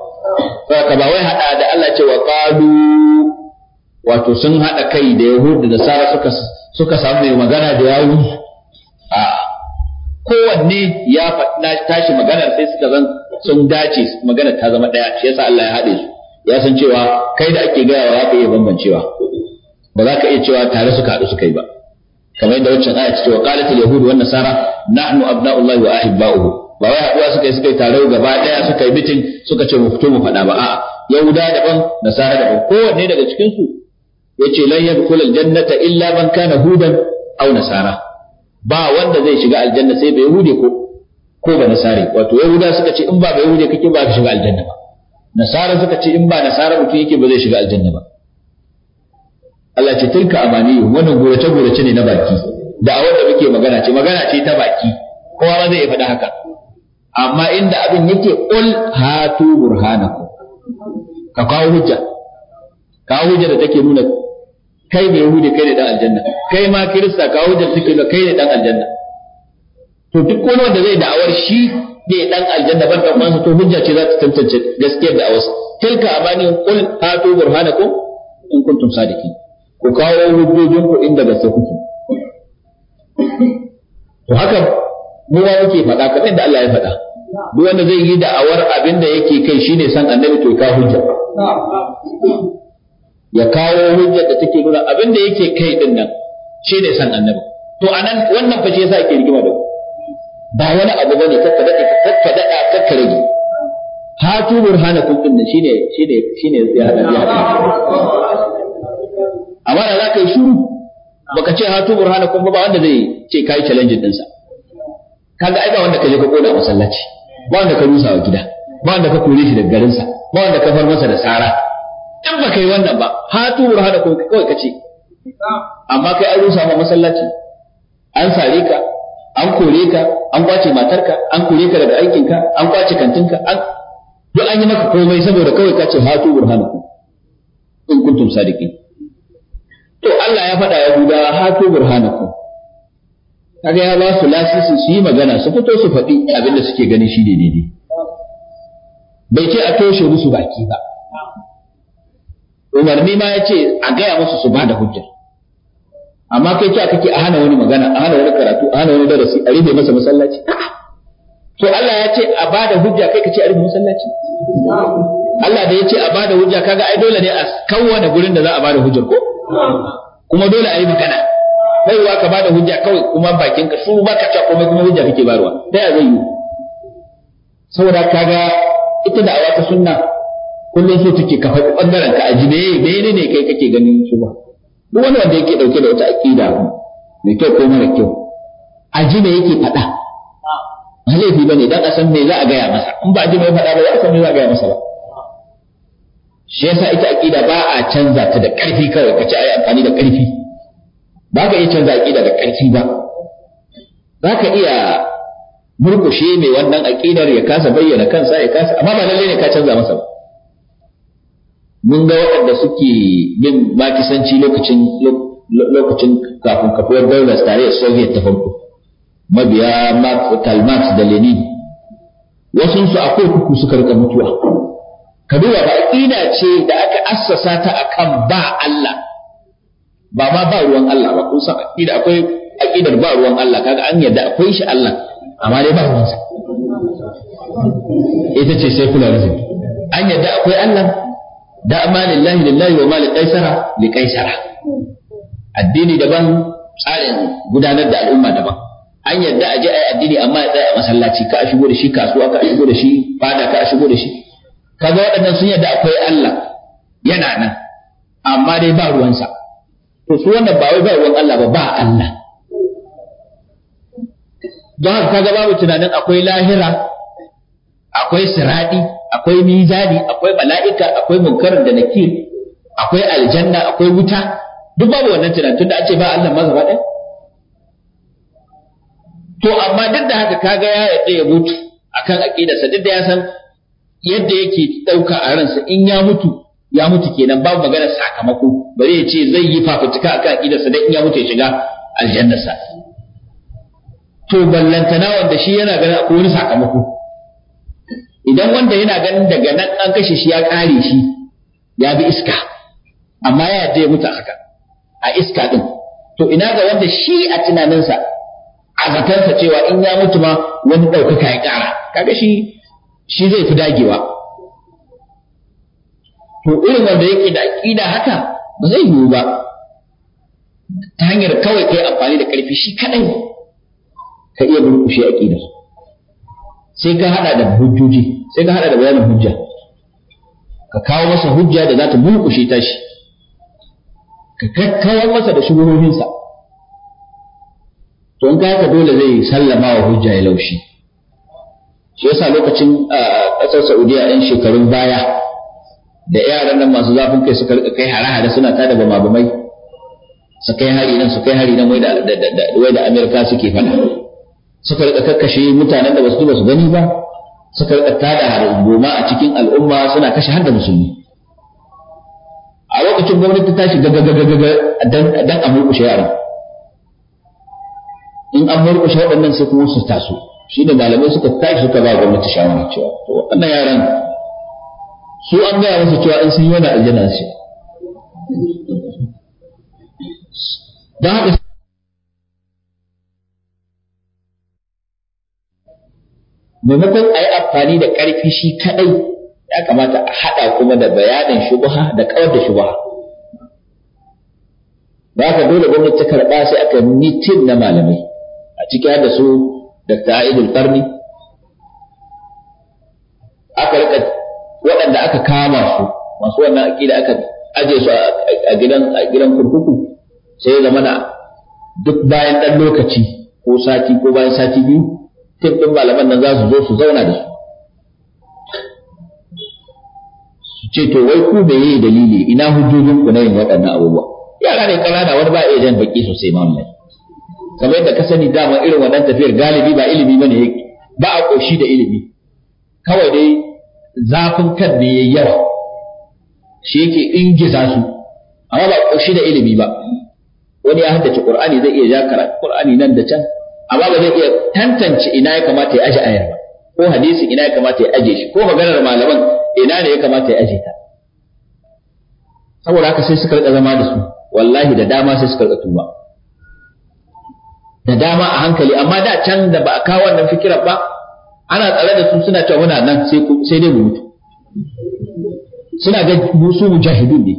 saboda ba wai hada da Allah ce wa qalu wato sun hada kai da yahudu da nasara suka suka samu mai magana da yawu kowanne ya tashi maganar sai suka zan sun dace maganar ta zama ɗaya shi yasa Allah ya haɗe su ya san cewa kai da ake gaya wa ka iya bambancewa ba za ka iya cewa tare suka haɗu suka yi ba kamar yadda wancan aya ce wa qalat al yahud wan nasara nahnu abna'ullahi wa ahibba'uhu ba wai haɗuwa suka yi suka yi tare gaba ɗaya suka yi bitin suka ce mu fito mu faɗa ba a'a yahuda daban nasara daban kowanne daga cikin su yace lan yadkhulul jannata illa man kana hudan aw nasara ba wanda zai shiga aljanna sai bai hude ko ko ba nasare wato yahuda suka ce in ba bai hude kake ba ka shiga aljanna ba nasara suka ce in ba nasara mutum yake ba zai shiga aljanna ba Allah ce tilka amani wannan gurace gurace ne na baki da awar da muke magana ce magana ce ta baki kowa ba zai faɗa haka amma inda abin yake ul hatu burhanakum ka kawo hujja ka hujja da take nuna kai ne yahudi kai ne dan aljanna kai ma kirista ka hujjar suke da kai ne dan aljanna to duk wani wanda zai da'awar shi ne dan aljanna ban dan uwansa to hujja ce za ta tantance gaskiyar da'awarsa tilka amani qul hatu burhanakum in kuntum sadiqin ku kawo hujjojin ku inda sai kuke to haka mu ba muke faɗa kamar da Allah ya faɗa duk wanda zai yi da'awar abin da yake kai shine san annabi to ka hujja ya kawo hujjar da take nuna abin da yake kai din nan shi ne san annabi to anan wannan fa shi yasa ake rigima da ba wani abu bane kakka daɗa ka dada kakka rage hatu burhanakum din nan shine shine shine ya hada ya amma da zaka yi shiru baka ce hatu burhanakum ba wanda zai ce kai challenge din sa kaga ai ba wanda kaje ka koda masallaci ba wanda ka rusa wa gida ba wanda ka kore shi daga garin sa ba wanda ka far masa da tsara in ba kai wannan ba hatu burhana ko kai kace amma kai an rusa ma masallaci an sare ka an kore ka an kwace matarka an kore ka daga aikinka an kwace ka an duk an yi maka komai saboda kawai kace hatu burhana ku in kuntum sadiqin to Allah ya faɗa Yahudawa hatu burhanakum kaga ya ba su lasisi su yi magana su fito su faɗi abin da suke gani shi ne daidai bai ce a toshe musu baki ba umarni ma ya ce a gaya musu su ba da hujjar? amma kai a kake a hana wani magana a hana wani karatu a hana wani darasi a rufe masa masallaci to Allah ya ce a ba da hujja kai ka ce a rufe masallaci Allah da ya ce a ba da hujja kaga ai dole ne a da gurin da za a da hujjar ko kuma dole a yi magana wa ka ba da hujja kawai kuma bakin ka ba ka ta komai kuma hujja kake barwa da ya zai yi saboda kaga ita da awata sunna kullum so take ka faɗi ɓangaren ka aji meye ne kai kake ganin su ba duk wani wanda yake ɗauke da wata aƙida mai kyau ko mara kyau aji me yake faɗa ba laifi bane dan a san me za a gaya masa in ba aji me faɗa ba za a san me za a gaya masa ba shi yasa ita aƙida ba a canza ta da ƙarfi kawai ka ci a yi amfani da ƙarfi ba ka iya canza aƙida da ƙarfi ba Ba ka iya murkushe mai wannan aƙidar ya kasa bayyana kansa ya kasa amma ba lallai ne ka canza masa ba mun ga waɗanda suke bin makisanci lokacin lokacin kafin kafuwar daular da soviet ta farko mabiya karl marx da lenin wasu su a kurkuku suka rika mutuwa ka duba ba ina ce da aka assasa ta akan ba Allah ba ma ba ruwan Allah ba kun san aqida akwai aqidar ba ruwan Allah kaga an yarda akwai shi Allah amma dai ba sa ita ce sai kula secularism an yarda akwai Allah da amma lillahi lillahi wa mali kaisara li kaisara addini daban tsarin gudanar da al'umma daban an yadda a je a yi addini amma ya tsaya a masallaci ka a shigo da shi kasuwa ka a shigo da shi fada ka a shigo da shi kaga waɗannan sun yadda akwai Allah yana nan amma dai ba ruwansa to su wannan ba wai ba ruwan Allah ba ba Allah don haka kaga babu tunanin akwai lahira akwai siradi akwai mizani akwai mala'ika akwai munkar da nakir akwai aljanna akwai wuta duk babu wannan tunanin tunda ce ba Allah ma gaba to amma duk da haka kaga ya yadda ya mutu akan aqidarsa duk da ya san yadda yake ɗauka a ransa in ya mutu ya mutu kenan babu magana sakamako bare ya ce zai yi fafutuka akan aqidarsa dan in ya mutu ya shiga aljannarsa to ballantana wanda shi yana ganin akwai wani sakamako idan wanda yana ganin daga nan an kashe shi ya kare shi ya bi iska amma ya je mutu haka a iska din to ina ga wanda shi a tunaninsa a sa cewa in ya mutu ma wani ɗaukaka ya ƙara kaga shi shi zai fi dagewa to irin wanda yake da aƙida haka ba zai yiwu ba ta hanyar kawai kai amfani da ƙarfi shi kaɗai ka iya murƙushe aƙidar sai ka hada da hujjoji sai ka hada da bayanin hujja ka kawo masa hujja da za ta mulkushe ta shi ka kakkawar masa da shugabanninsa. to in ka haka dole zai sallama wa hujja ya laushi shi yasa lokacin ƙasar Saudiya 'yan shekarun baya da yaran nan masu zafin kai suka rika kai hare-hare suna tada bama-bamai su kai hari nan su kai hari nan wai da Amerika suke faɗa suka rika kakkashe mutanen da basu ba su gani ba suka rika tada goma a cikin al'umma suna kashe har da musulmi a lokacin gwamnati ta shiga gagagagaga dan a murkushe yaran in an murƙushe waɗannan sai kuma su taso shi ne malamai suka tashi suka ba gwamnati shawara cewa to waɗannan yaran su an gaya musu cewa in sun yi wani aljanna su don haka maimakon a yi amfani da ƙarfi shi kaɗai ya kamata a haɗa kuma da bayanin shubuha da kawar da shubuha ba ka dole gwamnati ta karɓa sai aka mitin na malamai a ciki da su da ta'idul karni aka rika waɗanda aka kama su masu wannan aƙida aka aje su a gidan a gidan kurkuku sai zama na duk bayan ɗan lokaci ko sati ko bayan sati biyu tim ɗin malaman nan za su zo su zauna da su su ce to wai ku me yi dalili ina hujjojin ku na yin waɗannan abubuwa yara ne ƙanana wani ba iya jan baki sosai ma wannan kamar yadda ka sani dama irin wannan tafiyar galibi ba ilimi bane yake ba a ƙoshi da ilimi kawai dai zafin kan ne yayi yawa shi yake ingiza su amma ba ƙoshi da ilimi ba wani ya haddace qur'ani zai iya ja karatu qur'ani nan da can amma ba zai iya tantance ina ya kamata ya aje ayar ba ko hadisi ina ya kamata ya aje shi ko maganar malaman ina ne ya kamata ya aje ta saboda haka sai suka rika zama da su wallahi da dama sai suka rika tuba da dama a hankali amma da can da ba a kawo wannan fikirar ba ana tsare da su suna cewa muna nan sai dai mu mutu suna ga su mujahidun ne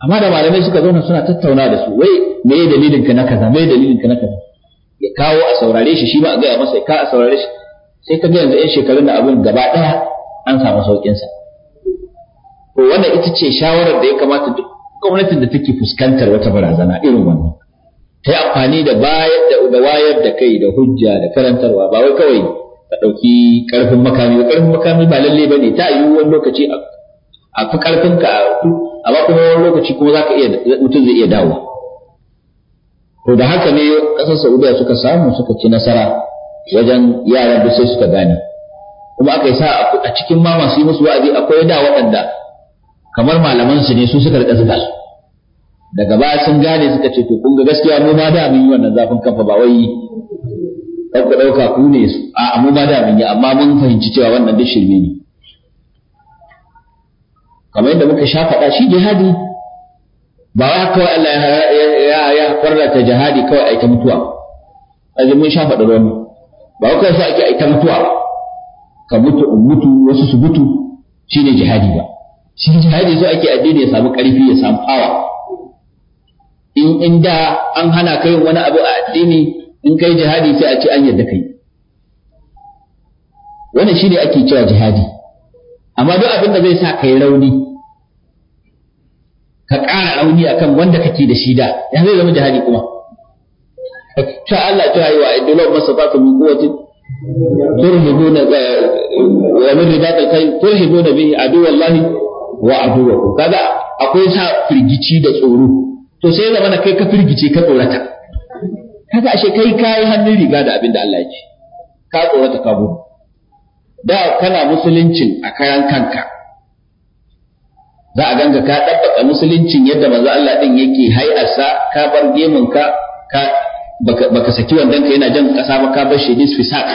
amma da malamai suka zauna suna tattauna da su wai me dalilin ka na kaza me dalilin ka na kaza ya kawo a saurare shi shi ma a gaya masa ya kawo a saurare shi sai ka ga yanzu yan shekarun da abin gaba ɗaya an samu sauƙinsa. sa to wannan ita ce shawarar da ya kamata duk gwamnatin da take fuskantar wata barazana irin wannan ta yi amfani da bayar da wayar da kai da hujja da karantarwa ba wai kawai ka ɗauki ƙarfin makami ba ƙarfin makami ba lalle ba ne ta yi wani lokaci a fi ƙarfinka a ba kuma wani lokaci kuma za ka iya mutum zai iya dawowa to da haka ne ƙasar saudiya suka samu suka ci nasara wajen yara da sai suka gane kuma aka yi sa a cikin ma masu yi musu wa'azi akwai da waɗanda kamar malaman su ne su suka rika zuga su daga baya sun gane suka ce to kun ga gaskiya mu ma da mun yi wannan zafin kafa ba wai ɗauka ɗauka ku ne a mu ma da mun yi amma mun fahimci cewa wannan duk shirme ne kamar yadda muka sha faɗa shi jihadi ba wa kawai Allah ya farrata jihadi kawai a ita mutuwa aje mun sha faɗa wani ba kawai sa ake ita mutuwa ka mutu in mutu wasu su mutu shi ne jihadi ba shi jihadi so ake addini ya samu ƙarfi ya samu hawa in inda da an hana kai wani abu a addini in kai jihadi sai a ce an yarda kai wannan ne ake cewa jihadi amma duk abin da zai sa kai rauni ka ƙara rauni akan wanda kake da shi da ya zai zama jihadi kuma ta Allah ta yi wa idulab masafatu min quwwatin turhibuna eh, wa min ribatil khayr turhibuna bihi aduwallahi wa ku kaga akwai sa firgici da tsoro to sai zama kai ka firgice ka tsorata kaga ashe kai kai hannun riga da abin da Allah yake ka tsorata ka gudu da kana musuluncin a kayan kanka za a ganga ka ɗabbaka musuluncin yadda manzo Allah din yake sa ka bar gemun ka ka baka, baka saki wandan ka yana jan ƙasa ba ka bar shi Fisak.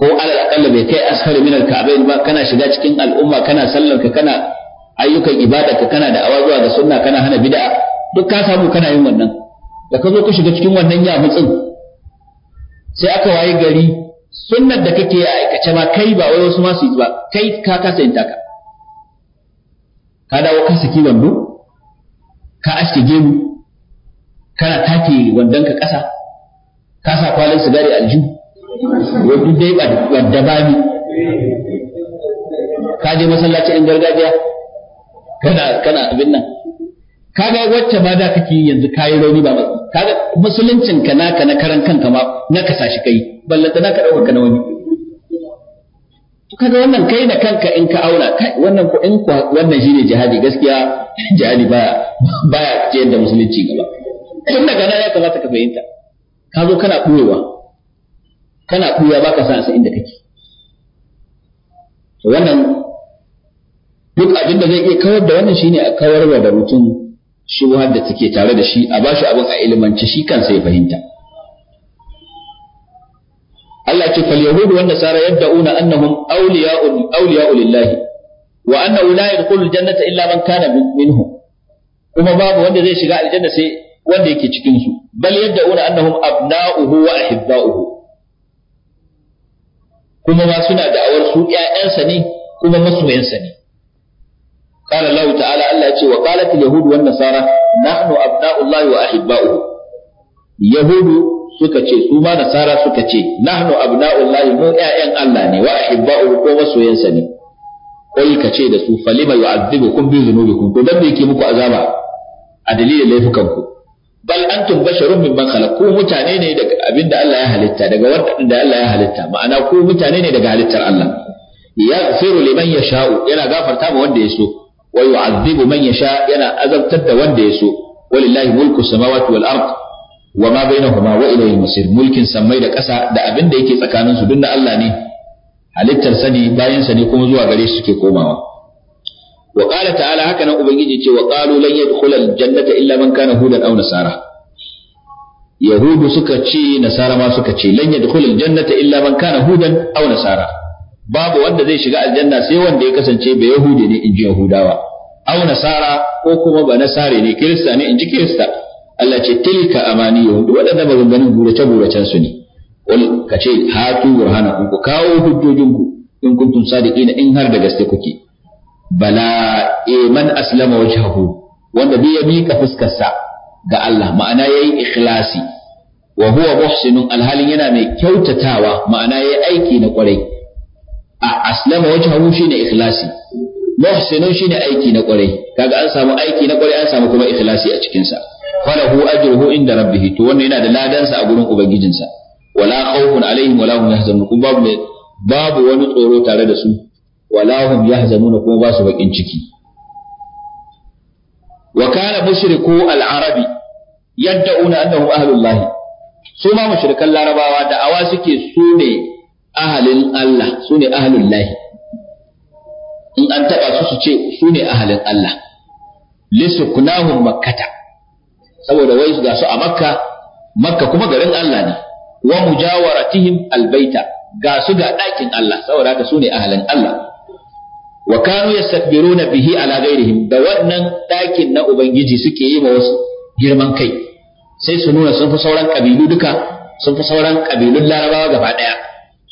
ko alal aqalla bai kai ashari min al-ka'bayn ba kana shiga cikin al'umma kana sallar ka kana ayyukan ibada ka kana da awa zuwa da sunna kana hana bid'a duk ka samu kana yin wannan da ka zo ka shiga cikin wannan ya mutsin. sai aka waye gari sunnar da kake a aikace ma kai ba wai wasu masu yi ba kai ka kasa yin taka ka dawo ka saki wando ka aske gemu kana take wandon ka ƙasa ka sa kwalin sigari aljihu wadda dai ba da ba ni ka je masallaci in gargajiya kana kana abin nan kaga wacce ma da kake yanzu kayi rauni ba kaga musuluncin ka naka na karan kanka ma na ka sashi kai ballanta naka dauka na wani kaga wannan kai da kanka in ka auna wannan ko in ko wannan shine jihadi gaskiya jihadi baya baya ce da musulunci gaba tun daga nan ya kamata ka fahimta ka zo kana buyewa kana buya baka san sai inda kake to wannan duk abin da zai iya kawar da wannan shine a kawar da mutum shi wanda take tare da shi a bashi abin a ilimance shi kansa ya fahimta Allah ce fal yahudu wan nasara yad'una annahum awliya'u awliya'u lillahi wa annahu la yadkhulu aljannata illa man kana minhum kuma babu wanda zai shiga aljanna sai wanda yake cikin su bal yadda yad'una annahum abna'uhu wa ahibba'uhu kuma ma suna da'awar su ƴaƴansa ne kuma masoyansa ne قال الله تعالى الله يقول وقالت اليهود والنصارى نحن أبناء الله وأحباؤه يهود suka ce su ma nasara suka ce nahnu abna'ullahi mu ƴaƴan Allah ne wa ahibba'u ko masoyansa ne kai ka ce da su falima yu'adhibukum bi dhunubikum to dan me yake muku azaba a dalilin laifukan ku bal antum basharun mimman khalaq ku mutane ne daga abinda Allah ya halitta daga da Allah ya halitta ma'ana ku mutane ne daga halittar Allah yaghfiru liman yasha'u yana gafarta ma wanda ya so wa yu'adhibu man yasha yana azabtar da wanda ya so walillahi mulku samawati wal ardh wa ma bainahuma wa ilayhi masir mulkin samai, da ƙasa da abin da yake tsakanin su duk Allah ne halittar sani bayan sani kuma zuwa gare shi suke komawa wa qala ta'ala haka nan ubangiji ce wa qalu lan yadkhula al-jannata illa man kana hudan aw nasara yahudu suka ce nasara ma suka ce lan yadkhula al-jannata illa man kana hudan aw nasara babu wanda zai shiga aljanna sai wanda ya kasance ba yahudi ne in ji yahudawa aw nasara ko kuma ba nasare ne kirista ne in ji kirista Allah ce tilka yau duk waɗannan maganganun burace buracen su ne wal kace hatu burhana ku kawo hujjojinku in kuntum sadiqina in har da gaske kuke bala e man aslama wajhahu wanda bi ya mika fuskarsa ga Allah ma'ana yayi ikhlasi wa huwa muhsinun alhalin yana mai kyautatawa ma'ana yayi aiki na kwarai a aslama wajhahu shine ikhlasi muhsinun shine aiki na kwarai kaga an samu aiki na kwarai an samu kuma ikhlasi a cikin sa falahu ajruhu inda rabbih to wannan yana da ladansa a gurin ubangijinsa wala khawfun alaihim wala hum yahzanun kuma babu babu wani tsoro tare da su wala hum yahzanun kuma ba su bakin ciki wa kana mushriku al-arabi yad'una annahum ahlullah su ma mushrikan larabawa da awa suke su ne ahalin Allah su ne ahlullah in an taba su su ce su ne ahalin Allah lisuknahum makkata saboda wai ga su a makka makka kuma garin Allah ne wa mujawaratihim albaita ga su ga ɗakin Allah saboda haka su ne ahalan Allah wa kanu yastakbiruna bihi ala ghairihim da wannan ɗakin na ubangiji suke yi ma wasu girman kai sai su nuna sun fi sauran kabilu duka sun fi sauran kabilun larabawa gaba ɗaya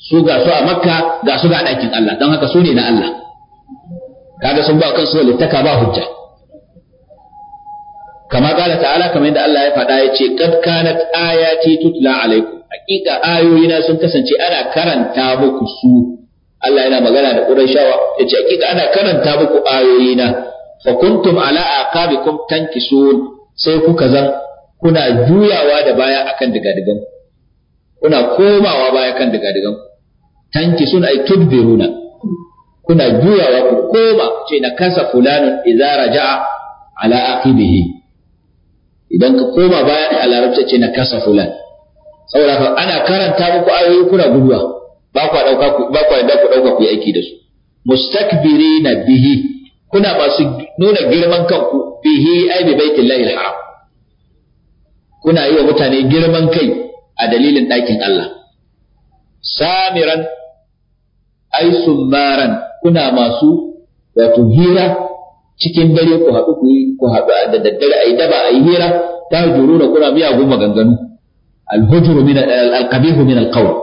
su ga su a makka ga su ga ɗakin Allah don haka su ne na Allah kaga sun ba kansu littaka ba hujja kama kala ta'ala kamar yadda Allah ya faɗa ya ce kad kanat ayati tutla alaikum hakika ayoyina sun kasance ana karanta muku su Allah yana magana da Qurayshawa ya ce hakika ana karanta muku ayoyina fa kuntum ala aqabikum tankisun sai kuka zan kuna juyawa da baya akan digadigan kuna komawa baya kan digadigan tankisun ay tudbiruna kuna juyawa ku koma ce na kasa fulanun idza raja'a ala aqibihi idan ka koma baya a larabta ce na kasa fulan saboda ana karanta muku ayoyi kuna guduwa ba kwa dauka ku ba ku da ku dauka ku yi aiki da su mustakbirina bihi kuna masu nuna girman kanku bihi ai bi baitillahi alharam kuna yi wa mutane girman kai a dalilin ɗakin Allah samiran ai sumaran kuna masu wato hira cikin dare ku haɗu ku yi ku haɗu da daddare yi daba yi hira ta juruna kuna miyagun maganganu al-hujru min alqabihu min alqawl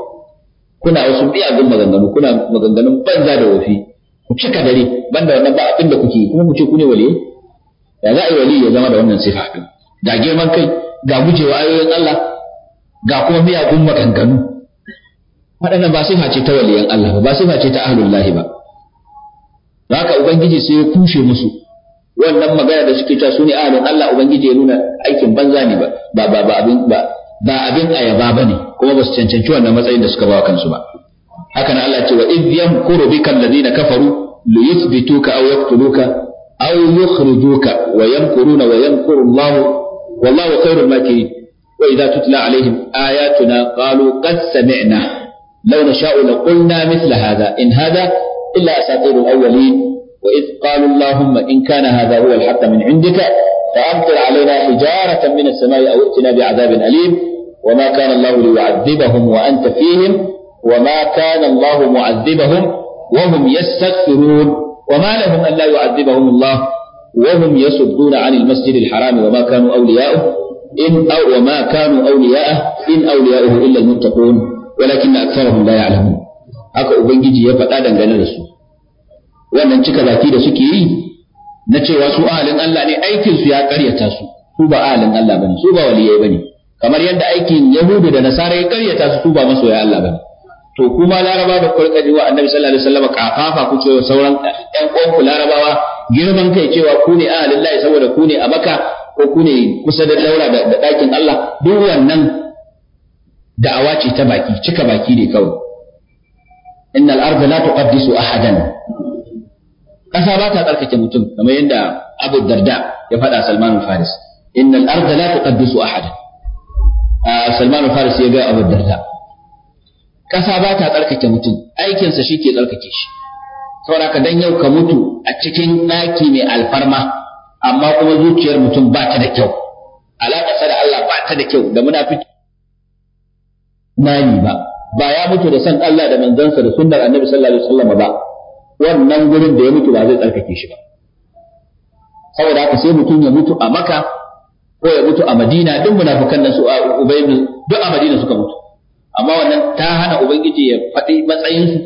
kuna wasu miyagun maganganu kuna maganganun banza da wofi ku cika dare banda wannan ba abin da kuke kuma mu ce ku ne waliyyi ya za a yi wali ya zama da wannan sifa din ga girman kai ga gujewa ayoyin Allah ga kuma miyagun maganganu waɗannan ba sifa ce ta waliyan Allah ba sifa ce ta ahlullahi ba haka ubangiji sai ya kushe musu wannan magana da suke ta sune ahalin Allah ubangiji ya nuna aikin banza ne ba ba ba abin ba ba abin ayaba bane kuma ba su cancanci wannan matsayin da suka ba kansu ba haka nan Allah ce wa idh yamkuru bika alladhina kafaru liyuthbituka aw yaqtuluka aw yukhrijuka wa yamkuruna wa yamkuru Allah wallahu khairul makirin wa idza tutla alaihim ayatuna qalu qad sami'na law nasha'u laqulna mithla hadha in hadha illa asatirul awwalin وإذ قالوا اللهم إن كان هذا هو الحق من عندك فأمطر علينا حجارة من السماء أو ائتنا بعذاب أليم وما كان الله ليعذبهم وأنت فيهم وما كان الله معذبهم وهم يستغفرون وما لهم ألا يعذبهم الله وهم يصدون عن المسجد الحرام وما كانوا أولياءه إن أو وما كانوا أولياءه إن أولياءه إلا المتقون ولكن أكثرهم لا يعلمون أكو Ubangiji ya faɗa dangane wannan cika baki da suke yi na cewa su ahalin Allah ne aikin su ya karyata su su ba ahalin Allah bane su ba waliyai bane kamar yadda aikin yahudu da nasara ya karyata su su ba masoya Allah bane to kuma laraba da kurka jiwa annabi sallallahu alaihi wasallam kafafa ku cewa sauran ɗan uwanku larabawa girman kai cewa ku ne ahalin Allah saboda ku ne a maka, ko ku ne kusa da daura da ɗakin Allah duk wannan da'awa ce ta baki cika baki ne kawai innal arda la tuqaddisu ahadan ƙasa ba ta tsarkake mutum kamar yadda Abu Darda ya faɗa Salman Faris Inna innal arda la tuqaddisu ahad Salman Faris ya ga Abu Darda ƙasa ba ta tsarkake mutum aikinsa shi ke tsarkake shi saboda ka dan yau ka mutu a cikin ɗaki mai alfarma amma kuma zuciyar mutum ba ta da kyau alaƙarsa da Allah ba ta da kyau da muna munafiki nani ba ba ya mutu da san Allah da manzansa da sunnar annabi sallallahu alaihi wasallam ba wannan gurin da ya mutu ba zai tsarkake shi ba saboda haka sai mutum ya mutu a maka ko ya mutu a madina duk munafukan nan su a ubayni duk a madina suka mutu amma wannan ta hana ubangiji ya faɗi matsayin su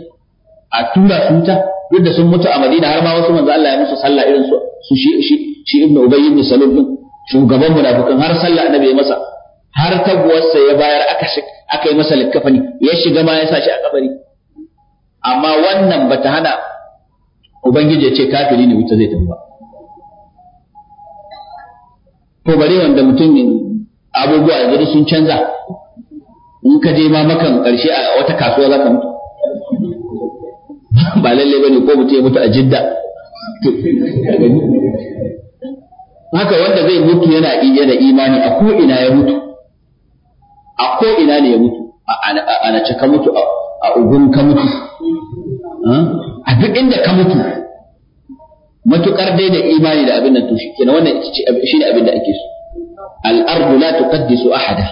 a tura su ta duk da sun mutu a madina har ma wasu manzo Allah ya musu sallah irin su su shi shi shi ibnu ubay ibn salul din shugaban munafukan har sallah annabi ya masa har tabuwarsa ya bayar aka aka yi masa likkafani ya shiga ma ya sa shi a kabari amma wannan bata hana ubangiji ya ce kafiri ne wuta zai tafi ba to bare wanda mutumin abubuwa yanzu sun canza in ka je ma makan karshe a wata kasuwa za ka mutu ba lalle ba ne ko mutum ya mutu a jidda haka wanda zai mutu yana iya da imani a ko ina ya mutu a ko ina ne ya mutu a anace ka mutu a ugun ka mutu Hmm? a duk inda ka mutu matukar dai da imani da abin nan to kenan wannan shine abin da ake so al-ardu la tuqaddisu ahada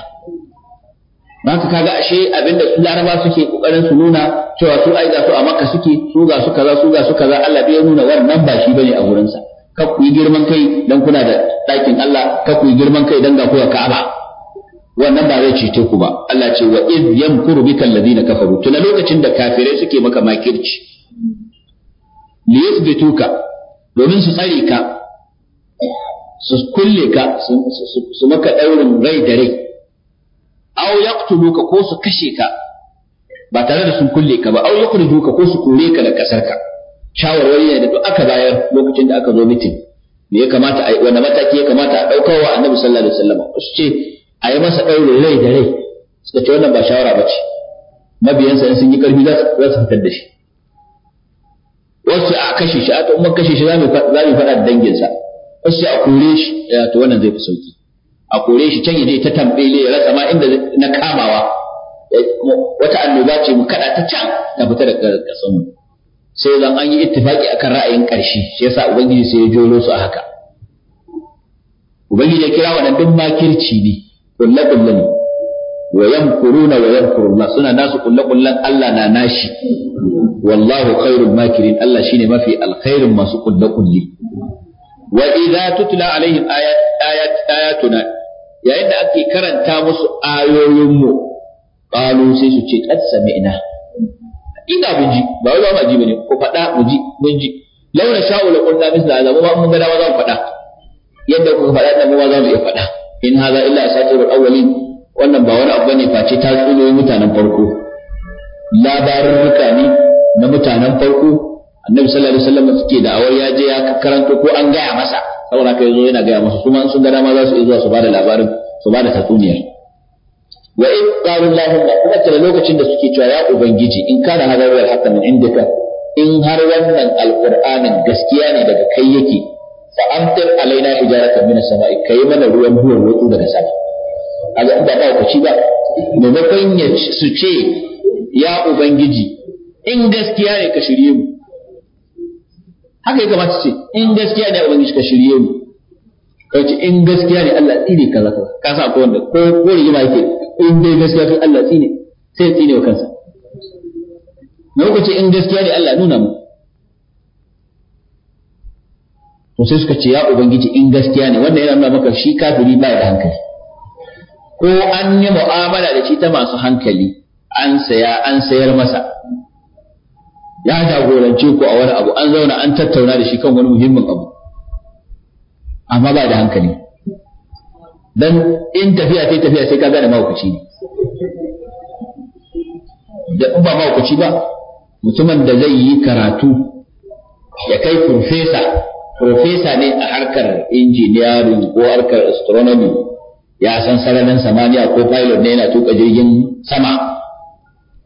ka kaga ashe abin da su laraba suke kokarin su nuna cewa su ai ga su a makka suke su ga su kaza su ga su kaza Allah bai nuna wannan ba shi bane a gurin sa kar ku girman kai dan kuna da ɗakin Allah kar ku girman kai dan ga ku Ka'aba wannan ba zai cito ku ba Allah ce wa iz yamkuru bika alladhina kafaru tuna lokacin da kafirai suke maka makirci li yuthbituka domin su tsare ka su kulle ka su maka daurin rai da rai aw yaqtuluka ko su kashe ka ba tare da sun kulle ka ba aw yukhrijuka ko su kore ka da kasar ka shawarwari ne da duk aka bayar lokacin da aka zo mitin me ya kamata a wani mataki ya kamata a wa annabi sallallahu alaihi wasallam su ce a yi masa ɗaure rai da rai suka ce wannan ba shawara ba ce mabiyansa in sun yi ƙarfi za su fitar da shi wasu a kashe shi a to mun kashe shi za mu faɗa da danginsa wasu a kore shi ya to wannan zai fi sauki a kore shi can ya je ta tambaye ya rasa ma inda na kamawa wata annoba ce mu kada ta can ta fita daga kasan mu sai zan an yi ittifaki akan ra'ayin ƙarshe shi yasa ubangiji sai ya jolo su a haka ubangiji ya kira wannan duk makirci ne kulle kulle ne wa yamkuruna wa yamkurullah suna nasu kulle kullen Allah na nashi wallahu khairul makirin Allah shine mafi alkhairin masu kulle kulle wa idza tutla alaihim ayat ayat ayatuna yayin da ake karanta musu ayoyin mu qalu sai su ce qad sami'na ina mun ji ba wai ba ji bane ko faɗa mu ji mun ji launa sha'u la qulna misla hada mu ba mun ga dama za mu faɗa yadda kuka faɗa da mu ba za mu iya faɗa in haza illa asatirul awwalin wannan ba wani abu ne face ta tsuno mutanen farko Labarin mutane na mutanen farko annabi sallallahu alaihi wasallam suke da awar ya je ya karanto ko an gaya masa saboda kai zo yana gaya masa kuma sun ga dama za su iya zuwa su bada labarin su bada tatsuniyar wa in qalu allahumma kuma tare lokacin da suke cewa ya ubangiji in kana hadarwa hakan haqqan min in har wannan alqur'anin gaskiya ne daga kai yake fa alaina hijaratan min as-sama'i kai mana ruwan ruwan wato daga sama kaga in ba ba ku ci ba maimakon ya su ce ya ubangiji in gaskiya ne ka shirye mu haka ya kamata ce in gaskiya ne ubangiji ka shirye mu kai in gaskiya ne Allah tsine kaza ka sa ko wanda ko ko yake in dai to sai suka ce ya ubangiji in gaskiya ne wannan yana nuna maka shi kafiri ba da hankali ko an yi mu'amala da shi ta masu hankali an saya an sayar masa ya jagorance ku a wani abu an zauna an tattauna da shi kan wani muhimmin abu amma ba da hankali dan in tafiya sai tafiya sai ka gane mawukaci ne da ba mawukaci ba mutumin da zai yi karatu ya kai profesa profesa ne a harkar injiniyarin ko harkar astronomy ya san sararin samaniya ko pilot ne yana tuka jirgin sama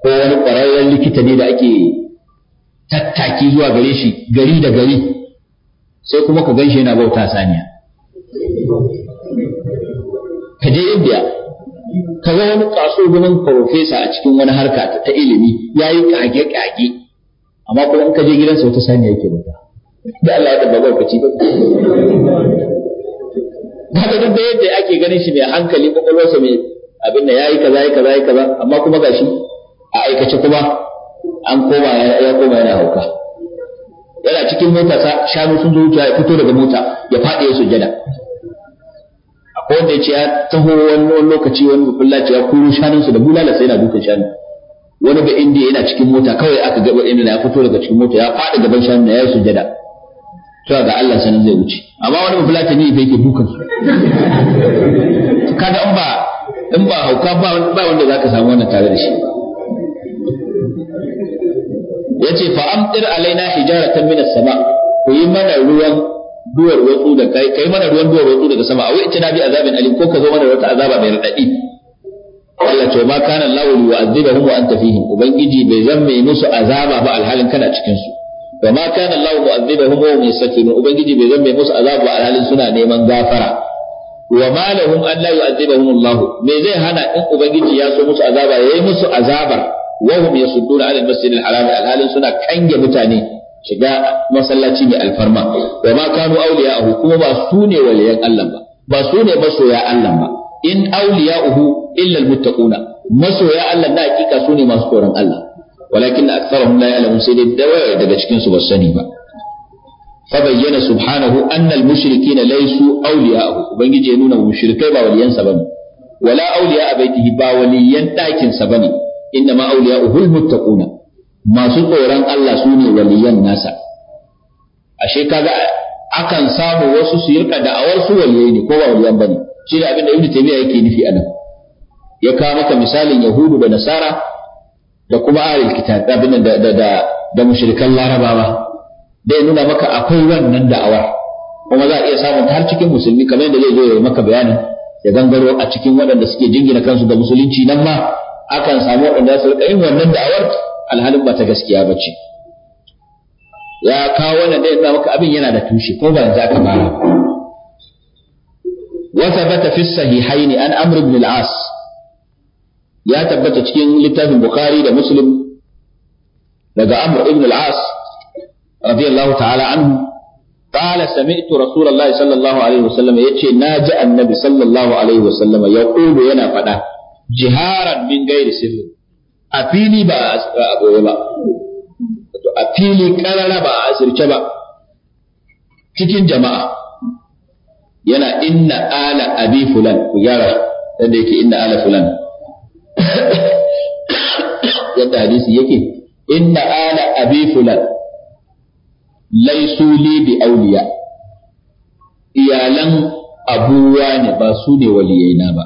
ko wani ƙwararren likita ne da ake tattaki zuwa gare shi gari da gari sai kuma ka ganshi yana bauta saniya ka je india ka ga wani kaso gumin profesa a cikin wani harka ta ilimi ya yi ƙage-ƙage amma kuma in ka je gidansa wata saniya yake bauta da Allah da babar kaci ba daga duk da yadda ake ganin shi mai hankali kwakwalwarsa mai abin da yayi kaza yayi kaza yayi kaza amma kuma gashi a aikace kuma an koma ya koma yana hauka yana cikin mota sa shanu sun zo wucewa ya fito daga mota ya faɗi ya sujada akwai wanda ya ce ya taho wani lokaci wani mafullaci ya kuro shanunsa da bulala sai yana dukan shanu wani ba inda yana cikin mota kawai aka ga inda ya fito daga cikin mota ya faɗi gaban shanu ya yi sujada to ga Allah sanin zai wuce amma wani mafilata ne fa ke dukan su kaga in ba in ba hauka ba ba wanda ka samu wannan tare da shi yace fa amtir alaina ta minas sama ku yi mana ruwan duwar wasu da kai kai mana ruwan duwar wasu daga sama a wai tana biya azabin alim ko ka zo mana wata azaba mai raɗaɗi. Allah ce ma kana Allahu yu'adhibuhum wa anta fihim ubangiji bai zan mai musu azaba ba alhalin kana cikin su wa ma kana Allah mu'azzibahum wa hum yastakbirun ubangiji bai zan mai musu azabu a halin suna neman gafara wa ma lahum an la yu'azzibahum Allah me zai hana in ubangiji ya so musu azaba yayi musu azabar wa hum yasudduna 'ala al-masjid al-haram al-halin kange mutane shiga masallaci mai alfarma wa ma kanu awliya'ahu kuma ba su ne waliyan Allah ba ba su masoya Allah ba in masoya na hakika sune masu tsoron Allah walakin da aktharahum la ya'lamun sai dai dawa daga cikin su ba sani ba fa bayyana subhanahu anna al-mushrikeen laysu awliya'ahu ubangiji ya nuna mushrikai ba waliyansa bane wala awliya baitihi ba waliyan dakin bane Inda ma awliya'uhu al-muttaquna masu tsoron Allah sune waliyan nasa ashe kaga akan samu wasu su yirka da'awar su waliyai ne ko ba waliyan bane shi da abin nufi ya kawo maka misalin Yahudu da Nasara da kuma ahlul kitab abin da da da, da mushrikan larabawa dai nuna maka akwai wannan da'awa kuma za a iya samun har cikin musulmi kamar yadda zai zo ya maka bayanin ya gangaro a cikin waɗanda suke jingina kansu da musulunci nan ma akan samu waɗanda su rika yin wannan da'awar alhalin ba ta gaskiya ba ce ya kawo wannan dai nuna maka abin yana da tushe ko ba za ka fara وثبت في الصحيحين عن عمرو بن العاص ya tabbata cikin littafin bukhari da muslim daga amr ibn al-as radiyallahu ta'ala anhu qala sami'tu rasulullahi sallallahu alaihi wasallam yace naji annabi sallallahu alaihi wasallam yaqulu yana fada jiharan min gairi sirri a fili ba a a boye ba a fili karara ba a asirce ba cikin jama'a yana inna ala abi fulan ku gyara yadda yake inna ala fulan yadda hadisi yake inna ala abi fulan laisu li bi awliya iyalan abuwa ne ba su ne waliyaina ba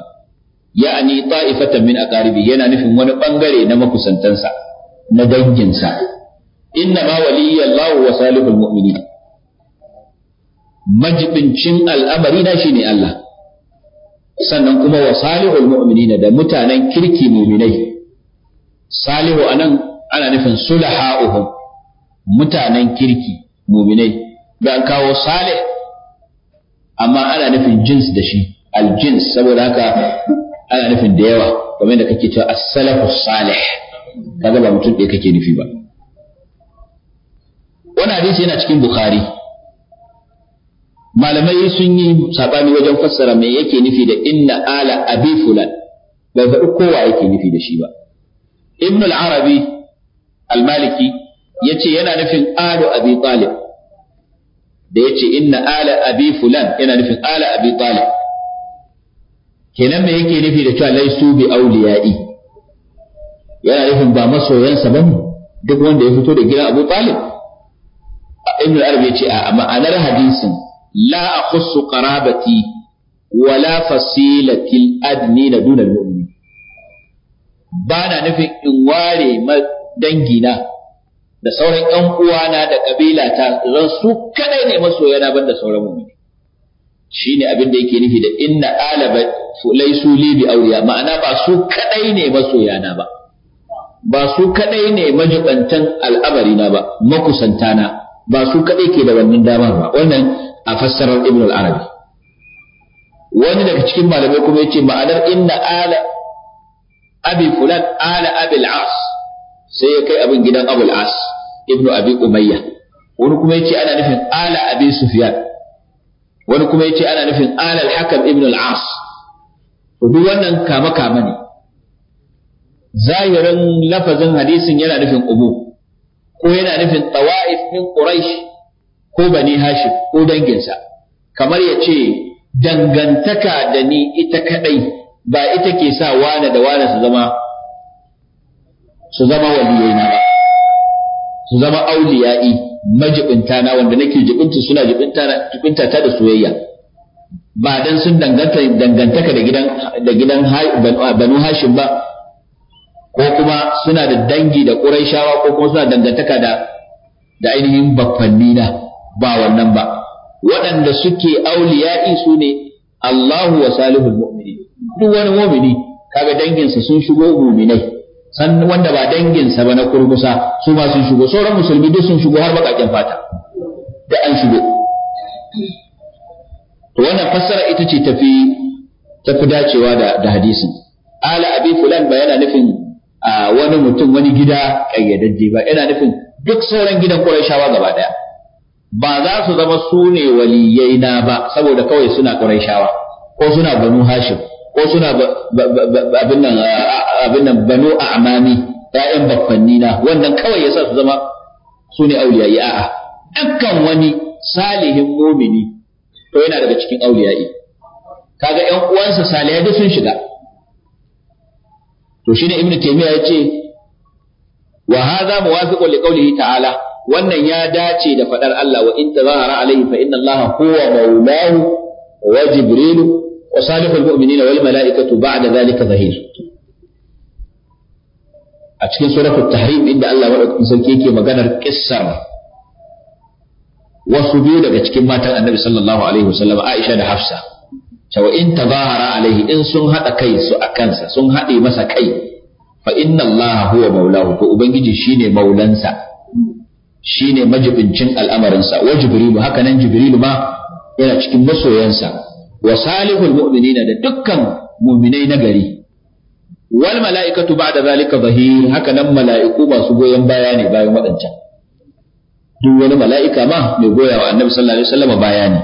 ya'ani ta'ifatan min aqaribi yana nufin wani bangare na makusantansa na danginsa inna ma waliyallahu wa salihul mu'minin majibincin al'amari na ne Allah sannan kuma wa salihu mu'minina da mutanen kirki muminai salihu anan ana nufin sulaha'uhum mutanen kirki muminai da kawo salih amma ana nufin jins da shi aljins saboda haka ana nufin da yawa kamar da kake cewa as-salafu salih kaga ba mutum ɗaya kake nufi ba wannan hadisi yana cikin bukhari malamai sun yi saɓani wajen fassara me yake nufi da inna ala abi fulan bai faɗi kowa yake nufi da shi ba ibn al-arabi al-maliki yace yana nufin alu abi talib da yace inna ala abi fulan yana nufin ala abi talib kenan me yake nufi da cewa laisu bi auliya'i yana nufin ba masoyansa ba duk wanda ya fito da gidan abu talib ibn al-arabi yace a ma'anar hadisin la aqussu qarabati wala fasilatil adni na duna mu'min ba na nufin in ware dangina da sauran ƴan uwana da kabilata zan su kadai ne masoyana ban banda sauran Shi ne abin da yake nufi da inna alaba laisu li bi awliya ma'ana ba su kadai ne masoyana ba ba su kadai ne majibantan al'amari ba makusantana ba su kadai ke da wannan damar ba wannan a fassarar Ibn al-Arabi wani daga cikin malamai kuma yace ma'anar inna ala abi fulan ala abil as sai ya kai abin gidan abul as ibnu abi umayya wani kuma yace ana nufin ala abi sufyan wani kuma yace ana nufin ala al-hakam ibn al-as duk wannan kama kama ne zahirin lafazin hadisin yana nufin ubu ko yana nufin tawa'if min quraish ko bani hashim ko danginsa kamar ya ce dangantaka da ni ita kadai ba ita ke sa wane da wane su zama su zama waliyai na ba su zama auliya'i majibinta na wanda nake jibinta suna jibinta ta da soyayya ba dan sun danganta dangantaka da gidan da gidan banu hashim ba ko kuma suna da dangi da quraishawa ko kuma suna dangantaka da da ainihin baffanni na ba wannan ba waɗanda suke auliya'i su ne Allahu wa salihul mu'mini duk wani mu'mini kaga danginsa sun shigo mu'minai san wanda ba danginsa ba na kurkusa su ma sun shigo sauran musulmi duk sun shigo har baƙaƙen fata da an shigo to wannan fassara ita ce tafi tafi dacewa da da hadisin ala abi fulan ba yana nufin wani mutum wani gida kayyadadde ba yana nufin duk sauran gidan Qurayshawa gaba daya ba za su zama su ne waliyai na ba saboda kawai suna ƙuraishawa ko suna banu hashim ko suna abin nan abin nan banu a'mami ƴaƴan bakwanni na wannan kawai yasa su zama su ne auliyayi a'a dukkan wani salihin mumini to yana daga cikin auliyayi kaga ƴan uwansa salihai da sun shiga to shine ibnu taymiya yace wa hadha muwafiqun liqawlihi ta'ala wannan ya dace da faɗar Allah wa in tazahara alaihi fa inna Allah huwa maulahu wa jibrilu wa salihul mu'minina wal mala'ikatu ba'da zalika zahir a cikin suratul tahrim inda Allah madaukakin sarki yake maganar kissar wasu biyu daga cikin matan Annabi sallallahu alaihi wasallam Aisha da Hafsa cewa in tazahara alaihi in sun hada kai su a kansa sun haɗe masa kai fa inna Allah huwa maulahu Ko ubangiji shine maulansa Shi ne majibincin al'amarinsa wa jibrilu haka nan jibrilu ma yana cikin masoyansa wa salihul mu'minina da dukkan mu'minai na gari wal mala'ikatu ba'da zalika zahir haka nan mala'iku masu goyon baya ne bayan waɗancan duk wani mala'ika ma mai goya wa annabi sallallahu alaihi wasallam baya ne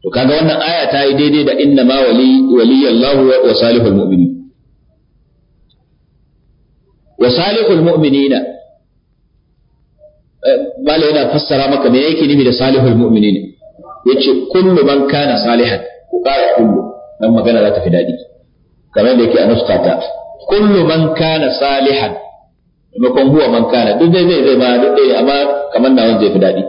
to kaga wannan aya ta yi daidai da inna ma wali waliyallahu wa salihul mu'minin wa salihul mu'minina Eh, mala yana fassara maka me yake nufi da salihul mu'minin yace kullu man kana salihan ku kara kullu dan magana za ta fi dadi kamar da yake a nuska ta kullu man kana salihan maimakon huwa man kana duk dai zai zai ma duk dai amma kamar na nawan zai fi dadi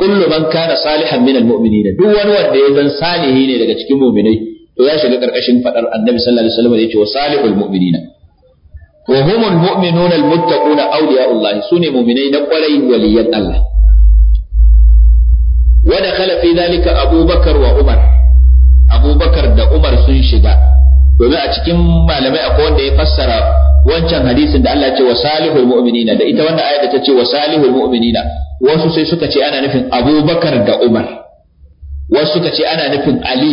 kullu man kana salihan minal mu'minin duk wani wanda ya zan salihi ne daga cikin mu'minai to ya shiga karkashin fadar annabi sallallahu alaihi wasallam da yace wa salihul mu'minina wa humul Audu almuttaquna awliyaullah sune mu'minai na kwarai waliyan Allah wa dakhala fi dhalika abubakar wa umar abubakar da umar sun shiga domin a cikin malamai akwai wanda ya fassara wancan hadisin da Allah ce wa salihul mu'minina da ita wannan ta ce wa wasu sai suka ce ana nufin abubakar da umar wasu suka ce ana nufin ali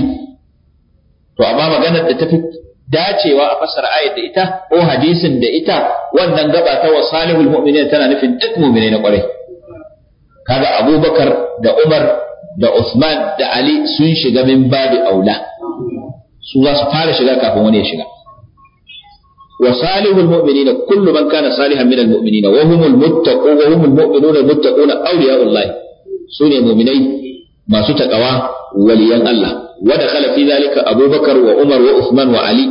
to amma maganar da fi. dacewa a fassara ayat da ita ko hadisin da ita wannan gaba ta wa salihul mu'minin tana nufin duk mu'minai na kwarai kaga abubakar da umar da usman da ali sun shiga min babu aula su za su fara shiga kafin wani ya shiga wa salihul mu'minina kullu man kana salihan al mu'minina wa humul muttaqun wa humul mu'minuna muttaquna awliya'ullah sune mu'minai masu takawa waliyan Allah ودخل في ذلك أبو wa وعمر وعثمان وعلي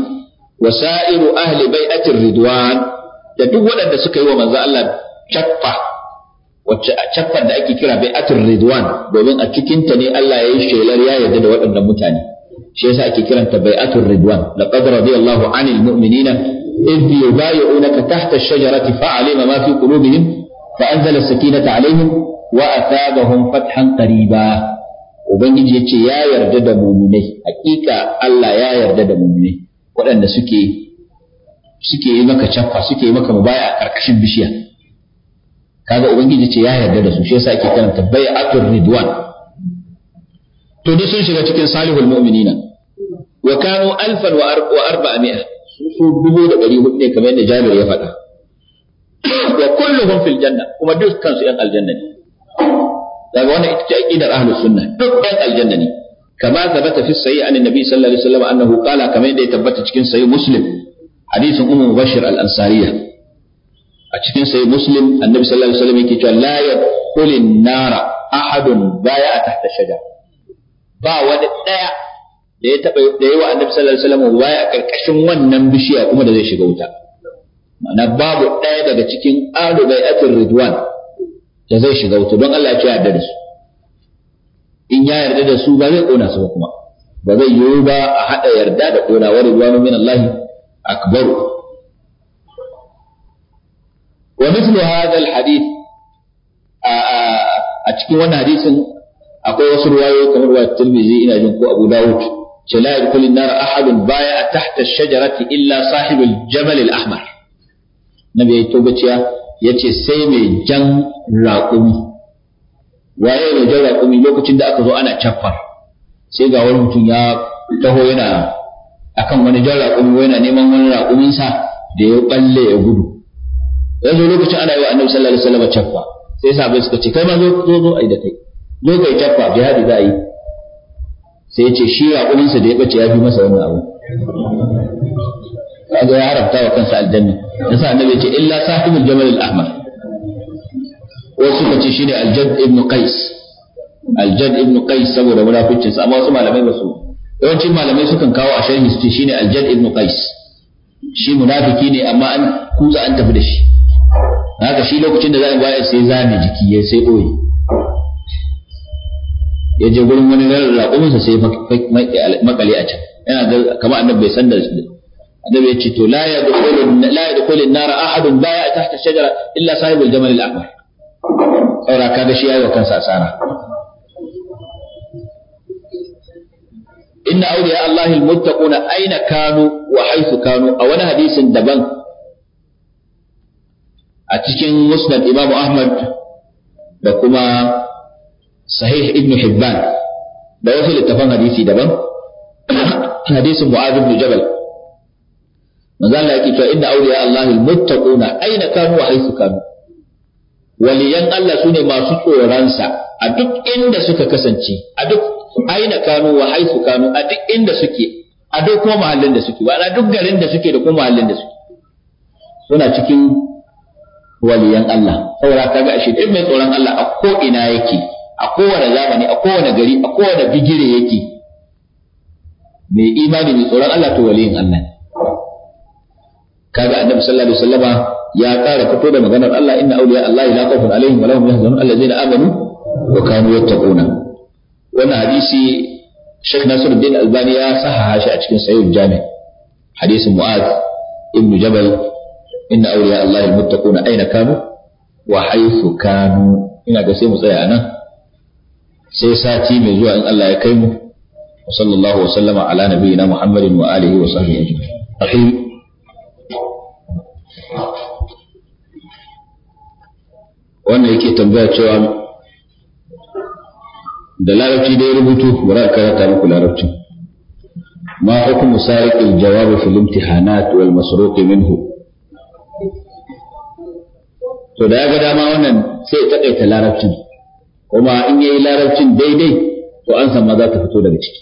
وسائر أهل بيعة الرضوان da duk waɗanda suka yi wa manzo Allah cappa wacce cappar da ake kira bai'atul ridwan domin a cikinta ta ne Allah ya yi shelar ya yarda da waɗannan mutane shi yasa ake kiranta bai'atul ridwan laqad radiyallahu anil mu'minina idh yubayyi'unaka tahta ash-shajarati fa'alima ma fi qulubihim فأنزل السكينة عليهم وأثابهم فتحا قريبا ubangiji ya ce ya yarda da muminai hakika Allah ya yarda da muminai waɗanda suke suke yi maka caffa suke yi maka mubaya ƙarƙashin bishiya kaga ubangiji ce ya yarda da su shi yasa ake karanta bai'atul ridwan to duk sun shiga cikin salihul mu'minina wa kanu alfan wa arba'a mi'a su dubu da ɗari hudu ne kamar yadda Jabir ya faɗa wa kulluhum fil janna kuma dukkan su yan aljanna ne daga wannan ita ce aqidar ahlus sunna duk ɗan aljanna ne kama thabata fi sahih an annabi sallallahu alaihi wasallam annahu qala kamar yadda ya tabbata cikin sahih muslim hadisin ummu bashir al-ansariya a cikin sahih muslim annabi sallallahu alaihi wasallam yake cewa la yadkhulun nara ahadun baya tahta shajar ba wani daya da ya taba da yawa annabi sallallahu alaihi wasallam baya karkashin wannan bishiya kuma da zai shiga wuta ma'ana babu daya daga cikin alu bai'atul ridwan da zai shiga wuta don Allah ya ce yarda da su in ya yarda da su ba zai kona su ba kuma ba zai yiwu ba a haɗa yarda da kona wa ridwanu min Allah akbar wa mithlu hadha al hadith a cikin wannan hadisin akwai wasu ruwayoyi kamar wa Tirmidhi ina jin ko Abu Dawud ce la yadkhulun nar ahadun baya tahta ash-shajarati illa sahibul jamal al-ahmar nabi ya tobaciya yace sai mai jan raƙumi waye mai jan raƙumi lokacin da aka zo ana caffar sai ga wani mutum ya taho yana akan wani jan raƙumi yana neman wani raƙuminsa da ya ɓalle ya gudu zo lokacin ana yi wa annabi sallallahu alaihi wasallam caffa sai sahabbai suka ce kai ma zo zo zo ai da kai zo kai caffa jihadi za a yi sai ya ce shi raƙuminsa da ya bace ya fi masa wannan abu kaga ya haramta wa kansa aljanna yasa annabi ce illa sahibul jamal al-ahmar wasu suka ce shine al-jadd ibn qais al-jadd ibn qais saboda munafincin sa amma wasu malamai ba su yawancin malamai sukan kawo a sharhi su ce shine al-jadd ibn qais shi munafiki ne amma an kuza an tafi da shi haka shi lokacin da za a bayar sai zame jiki ya sai boye ya je gurin wani raƙuminsa sai makale a can yana ga kamar annabi bai san da annabi yace to la yadkhulu la yadkhulu an-nar ahadun baya tahta shajara illa sahibul jamal al-akbar saura kaga shi yayi wa kansa asara inna awliya Allah al-muttaquna aina kanu wa haythu kanu a wani hadisin daban a cikin musnad Imam Ahmad da kuma sahih ibn Hibban da wasu littafan hadisi daban hadisin Mu'adh ibn Jabal manzo Allah yake cewa inna awliya Allahi muttaquna aina kanu wa haythu kanu waliyan Allah sune masu tsoransa a duk inda suka kasance a duk aina kanu wa haythu kanu a duk inda suke a duk kuma mahallin da suke ba duk garin da suke da kuma mahallin da suke suna cikin waliyan Allah saboda kaga ashe duk mai tsoron Allah a ko ina yake a kowane zamani a kowane gari a kowane bigire yake mai imani mai tsoron Allah to waliyin Allah ne kaga annabi sallallahu alaihi wasallama ya ƙara fito da maganar Allah inna awliya Allah la khawfun alaihim wa lahum yahzanun allazina amanu wa kanu yattaquna wannan hadisi Sheikh Nasiruddin Albani ya sahaha shi a cikin sahih jami hadisin Mu'az ibn Jabal inna awliya Allah almuttaquna aina kanu wa haythu kanu ina ga sai mu tsaya nan sai sati mai zuwa in Allah ya kai mu sallallahu wa sallama ala nabiyyina Muhammadin wa alihi wa sahbihi ajma'in wannan yake tambaya cewa da larabci dai rubutu bara a karanta muku larabci ma hukum sariqil jawab fi al-imtihanat wal masruq minhu to da ga dama wannan sai ya takaita larabcin kuma in yayi larabcin daidai to an san ma za ta fito daga ciki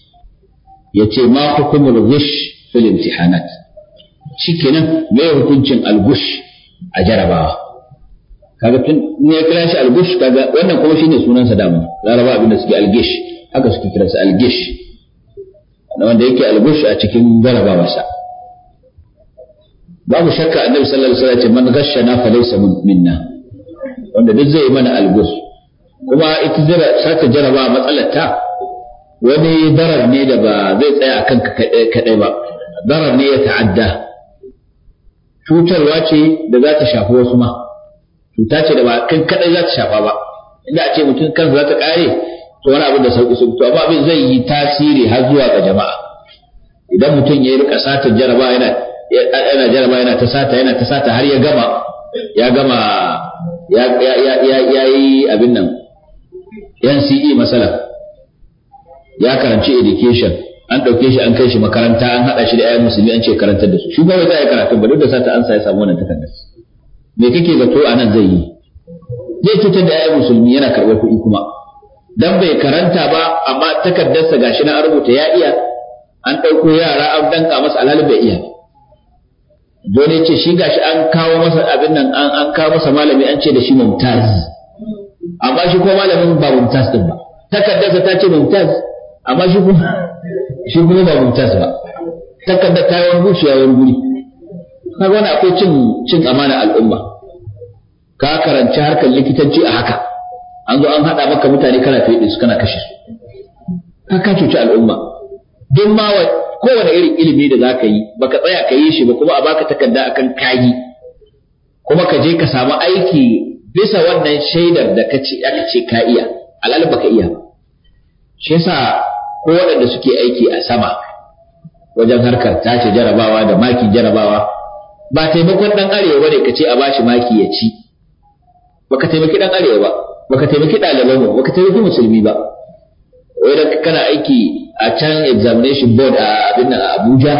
yace ma hukumul ghish fi al-imtihanat shikenan me hukuncin al-ghish a jarabawa kaga tun ne ya kira shi algush kaga wannan kuma shine sunan sa dama laraba abin da suke algish haka suke kira sa algish wanda yake algush a cikin garaba masa babu shakka annabi sallallahu alaihi wasallam ce man ghashana fa laysa minna wanda duk zai mana algush kuma ita jira saka jaraba matsalar ta wani darar ne da ba zai tsaya akan ka kadai ba darar ne ya ta'adda cutarwa ce da za ta shafi wasu ma cuta ce da ba kan kadai za ta shafa ba inda a ce mutum kansa za ta kare to wani abin da sauki su to amma abin zai yi tasiri har zuwa ga jama'a idan mutum ya rika sata jaraba yana yana jaraba yana ta sata yana ta sata har ya gama ya gama ya ya ya ya yi abin nan yan E masala ya karanci education an ɗauke shi an kai shi makaranta an haɗa shi da 'ya'yan musulmi an ce karantar da su shi ba wai za a yi karatu ba duk da sata an sa ya samu wannan takardar me kake zato a nan zai yi zai cutar da yayin musulmi yana karɓar kuɗi kuma dan bai karanta ba amma takardarsa gashi na rubuta ya iya an ɗauko yara an danka masa alhali bai iya dole ce shi gashi an kawo masa abin nan an an kawo masa malami an ce da shi mumtaz amma shi ko malamin ba mumtaz din ba takardarsa ta ce mumtaz amma shi kuma shi kuma ba mumtaz ba takardar ta yi wani guri Ka wani akwai cin cin amana al'umma ka karanci harkar likitanci a haka an zo an haɗa maka mutane kana fiye su kana kashe su ka ka cuci al'umma duk ma kowane irin ilimi da zaka yi baka tsaya ka yi shi ba kuma a baka takarda akan kayi kuma ka je ka samu aiki bisa wannan shaidar da ka ce aka ce ka iya alal baka iya shi yasa ko waɗanda suke aiki a sama wajen harkar tace jarabawa da maki jarabawa ba taimakon dan arewa bane ka ce a bashi maki ya ci baka taimaki dan arewa ba baka taimaki ɗaliban ba baka taimaki musulmi ba wai da kana aiki a can examination board a abin a Abuja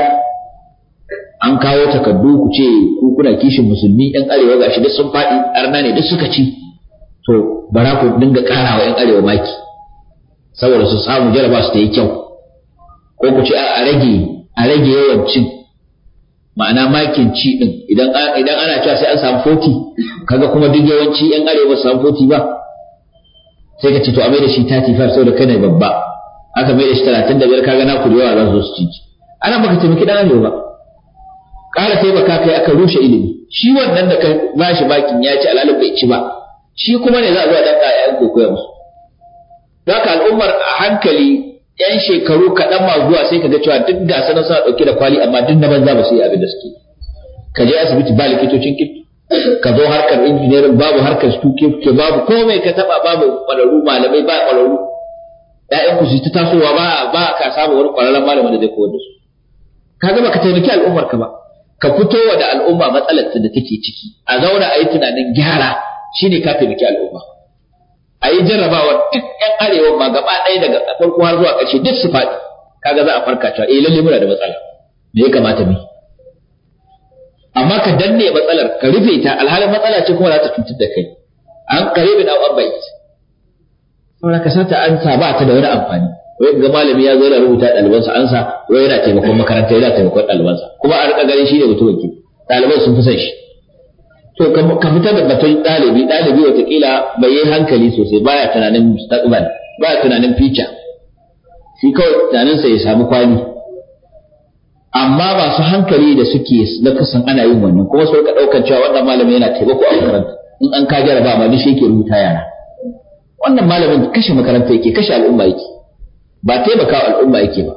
an kawo takardu ku ce ku kuna kishin musulmi yan arewa gashi duk sun faɗi arna ne duk suka ci to bara ku dinga ƙara wa yan arewa maki saboda su samu jaraba su ta yi kyau ko ku ce a rage a rage yawan cin ma'ana makin ci din idan idan ana cewa sai an samu 40 kaga kuma duk yawanci yan arewa samu 40 ba sai ka ce to a mai da shi 35 saboda kai ne babba aka mai da shi 35 kaga na kurewa za su ci ana baka taimaki dan arewa ba ƙara taimaka kai aka rushe ilimi shi wannan da ka shi bakin ya ci alalin bai ci ba shi kuma ne za a zo a danka yayan ya musu haka al'ummar a hankali yan shekaru kaɗan ma zuwa sai ka ga cewa duk da sana suna ɗauke da kwali amma duk na banza ba su yi abin da suke ka je asibiti ba likitocin kirki ka zo harkar injiniyarin babu harkar stuke ke babu komai ka taba babu ƙwararru malamai ba ƙwararru ƴaƴan ku su ta tasowa ba ba ka samu wani ƙwararren malamin da zai koyar da su ka ga ka taimaki al'ummar ka ba ka fito wa da al'umma matsalar da take ciki a zauna a yi tunanin gyara shine ka taimaki al'umma a yi jarrabawar duk ƴan arewa ba gaba ɗaya daga farko har zuwa ƙarshe duk su faɗi kaga za a farka cewa eh lalle muna da matsala me ya kamata mu amma ka danne matsalar ka rufe ta alhalin matsala ce kuma za ta cutar da kai an karibin au an bai saboda ka sata an sa ba ta da wani amfani wai ga malami ya zo yana rubuta ɗalibansa an sa wai yana taimakon makaranta yana taimakon ɗalibansa kuma a rika ganin shi ne mutum ki ɗaliban sun fi son shi to ka fita da batun ɗalibi ɗalibi watakila bai yi hankali sosai baya tunanin mustaqbal baya tunanin future shi kawai tunaninsa ya samu kwani amma masu hankali da suke na kusan ana yin wannan kuma su rika ɗaukar cewa wannan malami yana taimako a makaranta in an ka ba ma shi yake rubuta yara wannan malamin kashe makaranta yake kashe al'umma yake ba taimaka al'umma yake ba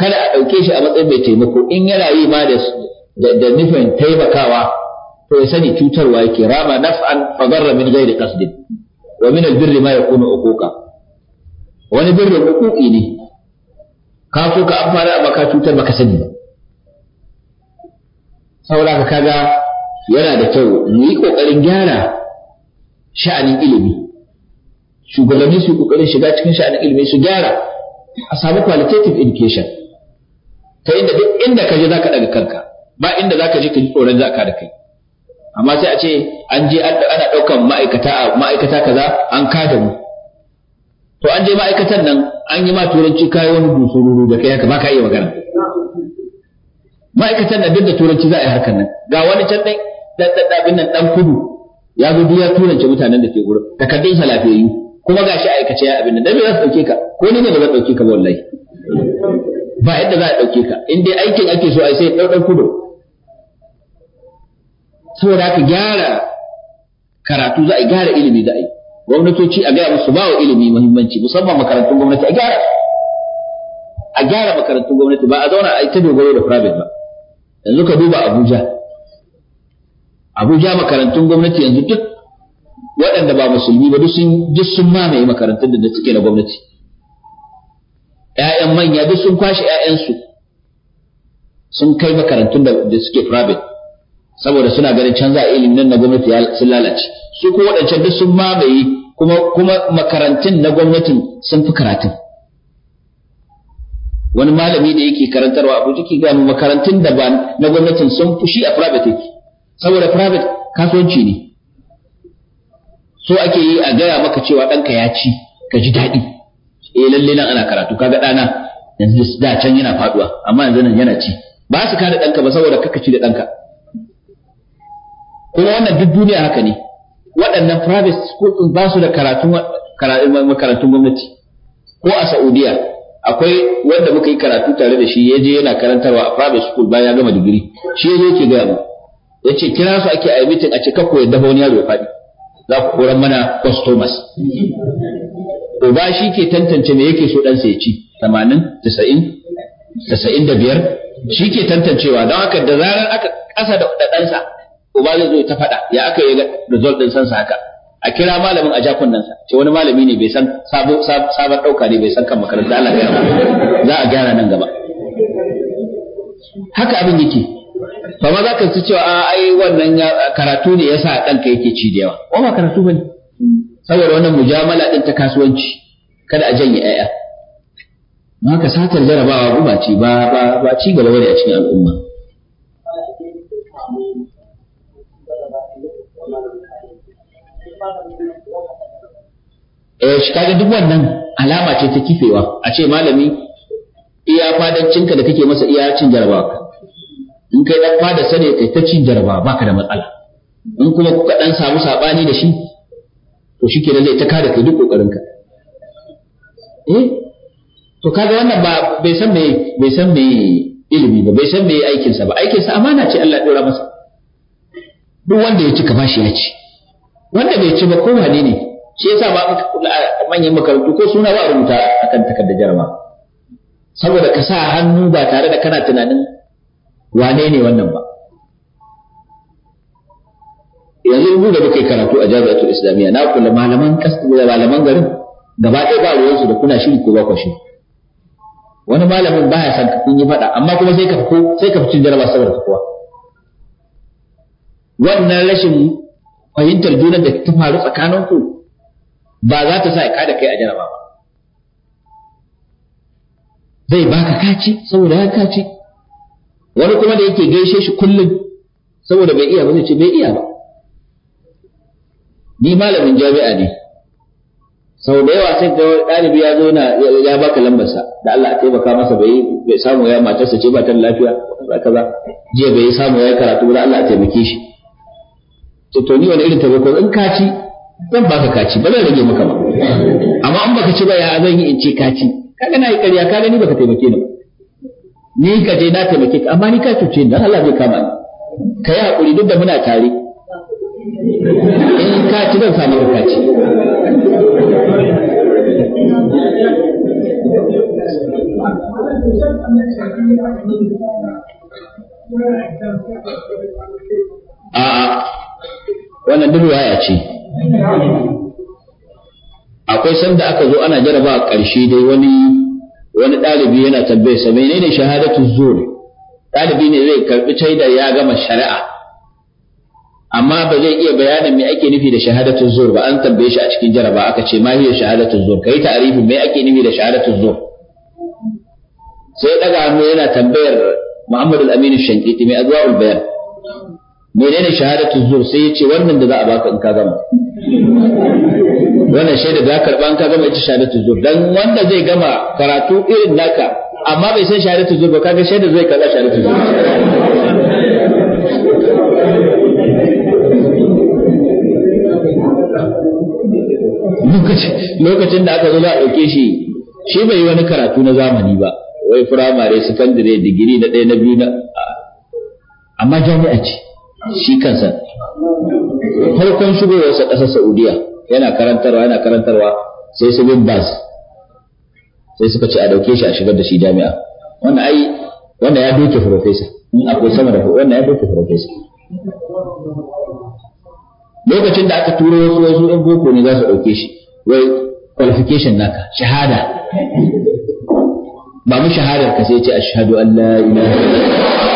kada a ɗauke shi a matsayin mai taimako in yana yi ma da nufin taimakawa to ya sani cutarwa yake rama naf'an fa darra min ghairi qasdin wa min albirri ma yakunu uquqa wani birrin uquqi ne ka so ka amfana amma ka cutar baka sani ba saboda ka kaga yana da kyau mu yi kokarin gyara sha'anin ilimi shugabanni su kokarin shiga cikin sha'anin ilimi su gyara a samu qualitative education ta inda duk inda ka je zaka daga kanka ba inda zaka je ka ji tsoron zaka da kai amma sai a ce an je ana ɗaukan ma'aikata a ma'aikata kaza an kada mu to an je ma'aikatan nan an yi ma turanci kayo wani dusururu da kai haka ba ka iya magana ma'aikatan nan duk da turanci za a yi harkar nan ga wani can dan dan dabin nan ɗan kudu ya zo duk ya turance mutanen da ke gurin takardun sa lafiyayyu kuma gashi aikace ya abin nan dan me za su ɗauke ka ko ni ne ba zan ɗauke ka ba wallahi ba yadda za a ɗauke ka in dai aikin ake so ai sai ɗau ɗan kudu saboda ka gyara karatu za a gyara ilimi za a yi gwamnatoci a gaya musu ba wa ilimi muhimmanci musamman makarantun gwamnati a gyara a gyara makarantun gwamnati ba a zauna a ita dogaro da private ba yanzu ka duba Abuja Abuja makarantun gwamnati yanzu duk waɗanda ba musulmi ba duk sun ji sun mamaye makarantun da suke na gwamnati Ya'yan manya duk sun kwashe ya'yansu sun kai makarantun da suke private saboda suna ganin canza ilimin nan na gwamnati sun lalace su kuma waɗancan duk sun mamaye kuma kuma makarantun na gwamnatin sun fi karatun wani malami da yake karantarwa abu ciki ga makarantun da ba na gwamnatin sun fi shi a private yake saboda private kasuwanci ne so ake yi a gaya maka cewa ɗanka ya ci ka ji daɗi eh lalle nan ana karatu kaga ɗana yanzu da can yana faduwa amma yanzu nan yana ci ba su kada ɗanka ba saboda kaka ci da ɗanka kuma wannan duk duniya haka ne waɗannan private school in ba su da karatun makarantun gwamnati ko a Saudiya akwai wanda muka yi karatu tare da shi ya je yana karantarwa a private school bayan ya gama digiri shi yaje yake gaya mu ce kira su ake a meeting a ce kakko ya dafa wani yaro ya faɗi za ku koran mana customers ba shi ke tantance me yake so ɗansa ya ci 80 da 95 shi ke tantancewa don haka da zarar aka ƙasa da ɗansa uba zai zo ta faɗa ya aka yi result din sansa haka a kira malamin a jakunan sa ce wani malami ne bai san sabo sabon dauka ne bai san kan makaranta Allah ya za a gyara nan gaba haka abin yake ba ma za ka ci cewa a ah, ai wannan karatu ne yasa ɗanka yake ci da yawa ba karatu bane saboda wannan mujamala din ta kasuwanci kada a janye 'ya'ya. Ma ka satar jarabawa ba ci ba ba ci gaba bane a cikin al'umma eh shi duk wannan alama ce ta kifewa a ce malami iya fadancinka da kake masa iya cin jarabawa in kai dan fada sane kai ta cin jarabawa baka da matsala in kuma kuka dan samu sabani da shi to shikenan zai ta kada kai duk kokarinka eh to kaga wannan ba bai san me bai san me ilimi ba bai san me aikinsa ba aikinsa amana ce Allah ya dora masa duk wanda ya cika bashi ya ci wanda bai ci ba ko wane ne shi yasa ba aka kula a manyan makarantu ko suna ba rubuta akan takardar jarma saboda ka sa hannu ba tare da kana tunanin wane ne wannan ba yanzu mu da muke karatu a jami'atul islamiyya na kula malaman kasu da malaman garin gaba ɗaya ba ruwansu da kuna shiri ko ba ku shiri wani malamin baya san ka yi faɗa amma kuma sai ka fi sai ka fi cin saboda kowa wannan rashin fahimtar junan da ta faru tsakaninku ba za ta sa ka da kai a jaraba ba zai baka kaci saboda ya kaci wani kuma da yake gaishe shi kullum saboda bai iya ba zai ce bai iya ba ni malamin jami'a ne sau da yawa sai ga ɗalibi ya zo na, ya baka lambarsa da Allah a taimaka masa bai bai samu ya matarsa ce ba ta lafiya kaza jiya bai samu ya karatu da Allah a taimake shi to to ni wani irin taimako in kaci ci zan baka kaci ba zan rage maka ba amma in baka ci ba ya zan yi in ce kaci kaga na yi ƙarya kaga ni baka taimake ni ni ka je na taimake ka amma ni ka cuce ni Allah zai kama ni ka yi hakuri duk da muna tare in kaci ci zan samu ka ci a'a wannan duk riwaya ce akwai sanda aka zo ana jarabawa a ƙarshe dai wani wani ɗalibi yana tambaye sa menene shahadatu zuri ɗalibi ne zai karbi taida ya gama shari'a amma ba zai iya bayanin me ake nufi da shahadatu zur ba an tambaye shi a cikin jaraba aka ce ma hiya shahadatu zur kai ta'rifin me ake nufi da shahadatu zur sai daga hannu yana tambayar Muhammad al-Amin al-Shankiti mai azwaul bayan menene shahadatu zuwa sai ya ce wannan da za a baka in ka gama wannan da za karba in ka gama ita shahadatu zuwa dan wanda zai gama karatu irin naka amma bai san shahadatu zuwa ba kaga shaida zai kaza shahadatu zuwa lokacin da aka zo za a ɗauke shi shi bai yi wani karatu na zamani ba wai firamare sakandare digiri na ɗaya na biyu na amma jami'a ce shi kansa farkon shigowarsa ƙasar Saudiya yana karantarwa yana karantarwa sai su bin bas sai suka ce a dauke shi a shigar da shi jami'a wannan ai wannan ya doke profesa in akwai sama da wannan ya doke profesa lokacin da aka turo wasu wasu ɗan boko ne za su ɗauke shi wai qualification naka shahada ba mu shahadar ka sai ce ashhadu an la ilaha illallah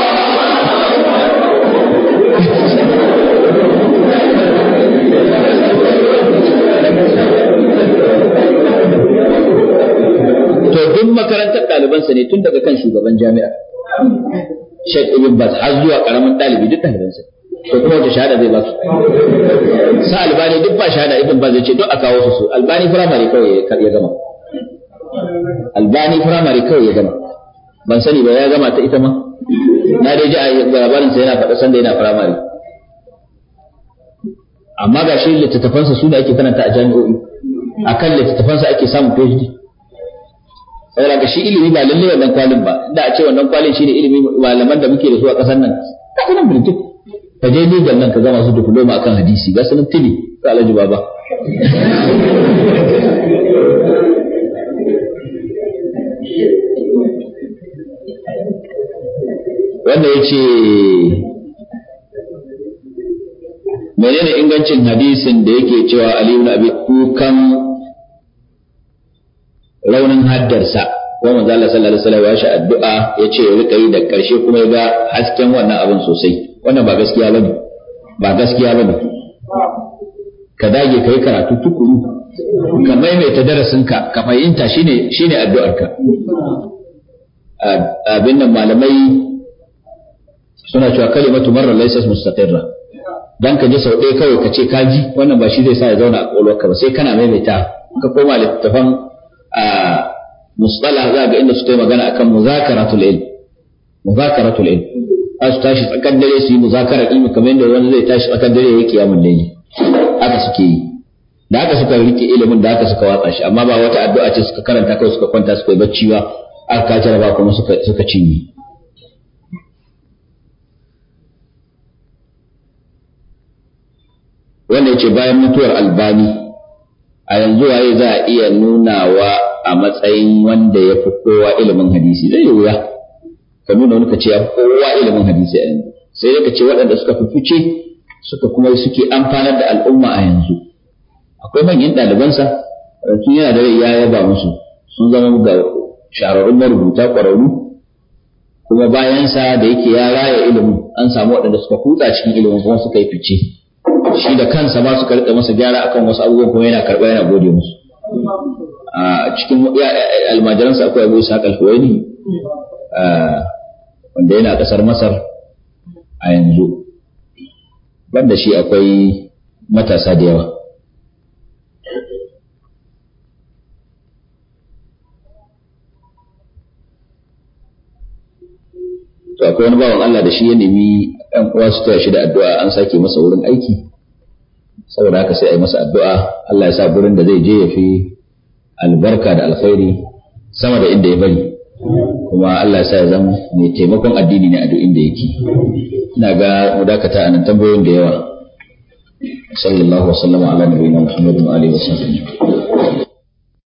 ɗalibansa ne tun daga kan shugaban jami'a Sheikh Ibn Baz har zuwa karamin ɗalibi duk ɗalibansa to kuma wata shahada zai ba su sa albani duk ba shahada Ibn Baz yace duk a kawo su su albani primary kawai ya gama albani primary kawai ya gama ban sani ba ya gama ta ita ma na dai ji a labarin sa yana faɗa sanda yana primary amma ga shi littattafansa su da ake karanta a jami'o'i akan littattafansa ake samun PhD saboda ga shi ilimi ba lalle wannan kwalin ba da a ce wannan kwalin shine ilimi malaman da muke da su a kasar nan ta ina burtuk ka je ni nan ka gama su diploma akan hadisi ga sanin tili ta alaji baba wanda ya ce menene ingancin hadisin da yake cewa aliyu na abi kukan raunin haddarsa ko manzo Allah sallallahu alaihi wasallam ya shi addu'a ya ce ya rika yi da karshe kuma ya ga hasken wannan abin sosai wannan ba gaskiya bane ba gaskiya bane ka dage kai karatu tukuru ka maimaita darasinka ka fahimta shine shine addu'arka abin nan malamai suna cewa kalimatu marra laysat mustaqirra dan ka ji sau ɗaya kawai ka ce ka ji wannan ba shi zai sa ya zauna a ƙwaƙwalwarka ba sai kana maimaita ka koma littafan a musbala za ga inda su yi magana akan muzakaratul ilm muzakaratul ilm za su tashi tsakan dare su yi muzakarar ilmi kamar yadda wani zai tashi tsakan dare ya yi kiyamun dare haka suke yi da haka suka rike ilimin da haka suka watsa shi amma ba wata addu'a ce suka karanta kawai suka kwanta suka yi bacci ba ka kace ba kuma suka suka cinye wanda ya ce bayan mutuwar albani a yanzu waye za a iya nunawa a matsayin wanda ya fi kowa ilimin hadisi zai yi wuya ka nuna wani ka ce ya fi kowa ilimin hadisi a yanzu sai dai ka ce waɗanda suka fi fice suka kuma suke amfanar da al'umma a yanzu akwai manyan ɗalibansa tun yana da rai ya yaba musu sun zama ga shahararrun marubuta ƙwararru kuma bayansa da yake ya raya ilimin an samu waɗanda suka kutsa cikin ilimin kuma suka yi fice shi da kansa ma suka rika masa gyara akan wasu abubuwan kuma yana karɓa yana gode musu a cikin almajiransa akwai abu isa kalfawaini wanda yana ƙasar masar a yanzu banda shi akwai matasa da yawa to akwai wani bawan Allah da shi ya nemi ɗan uwa su taya shi da addu'a an sake masa wurin aiki saboda haka sai a yi masa addu'a Allah ya sa gurin da zai je ya fi albarka da alkhairi sama da inda ya bari kuma Allah ya sa ya zama mai taimakon addini ne a duk inda yake ina ga mudakata dakata anan tambayoyin da yawa sallallahu alaihi wa ala nabiyina muhammadin wa alihi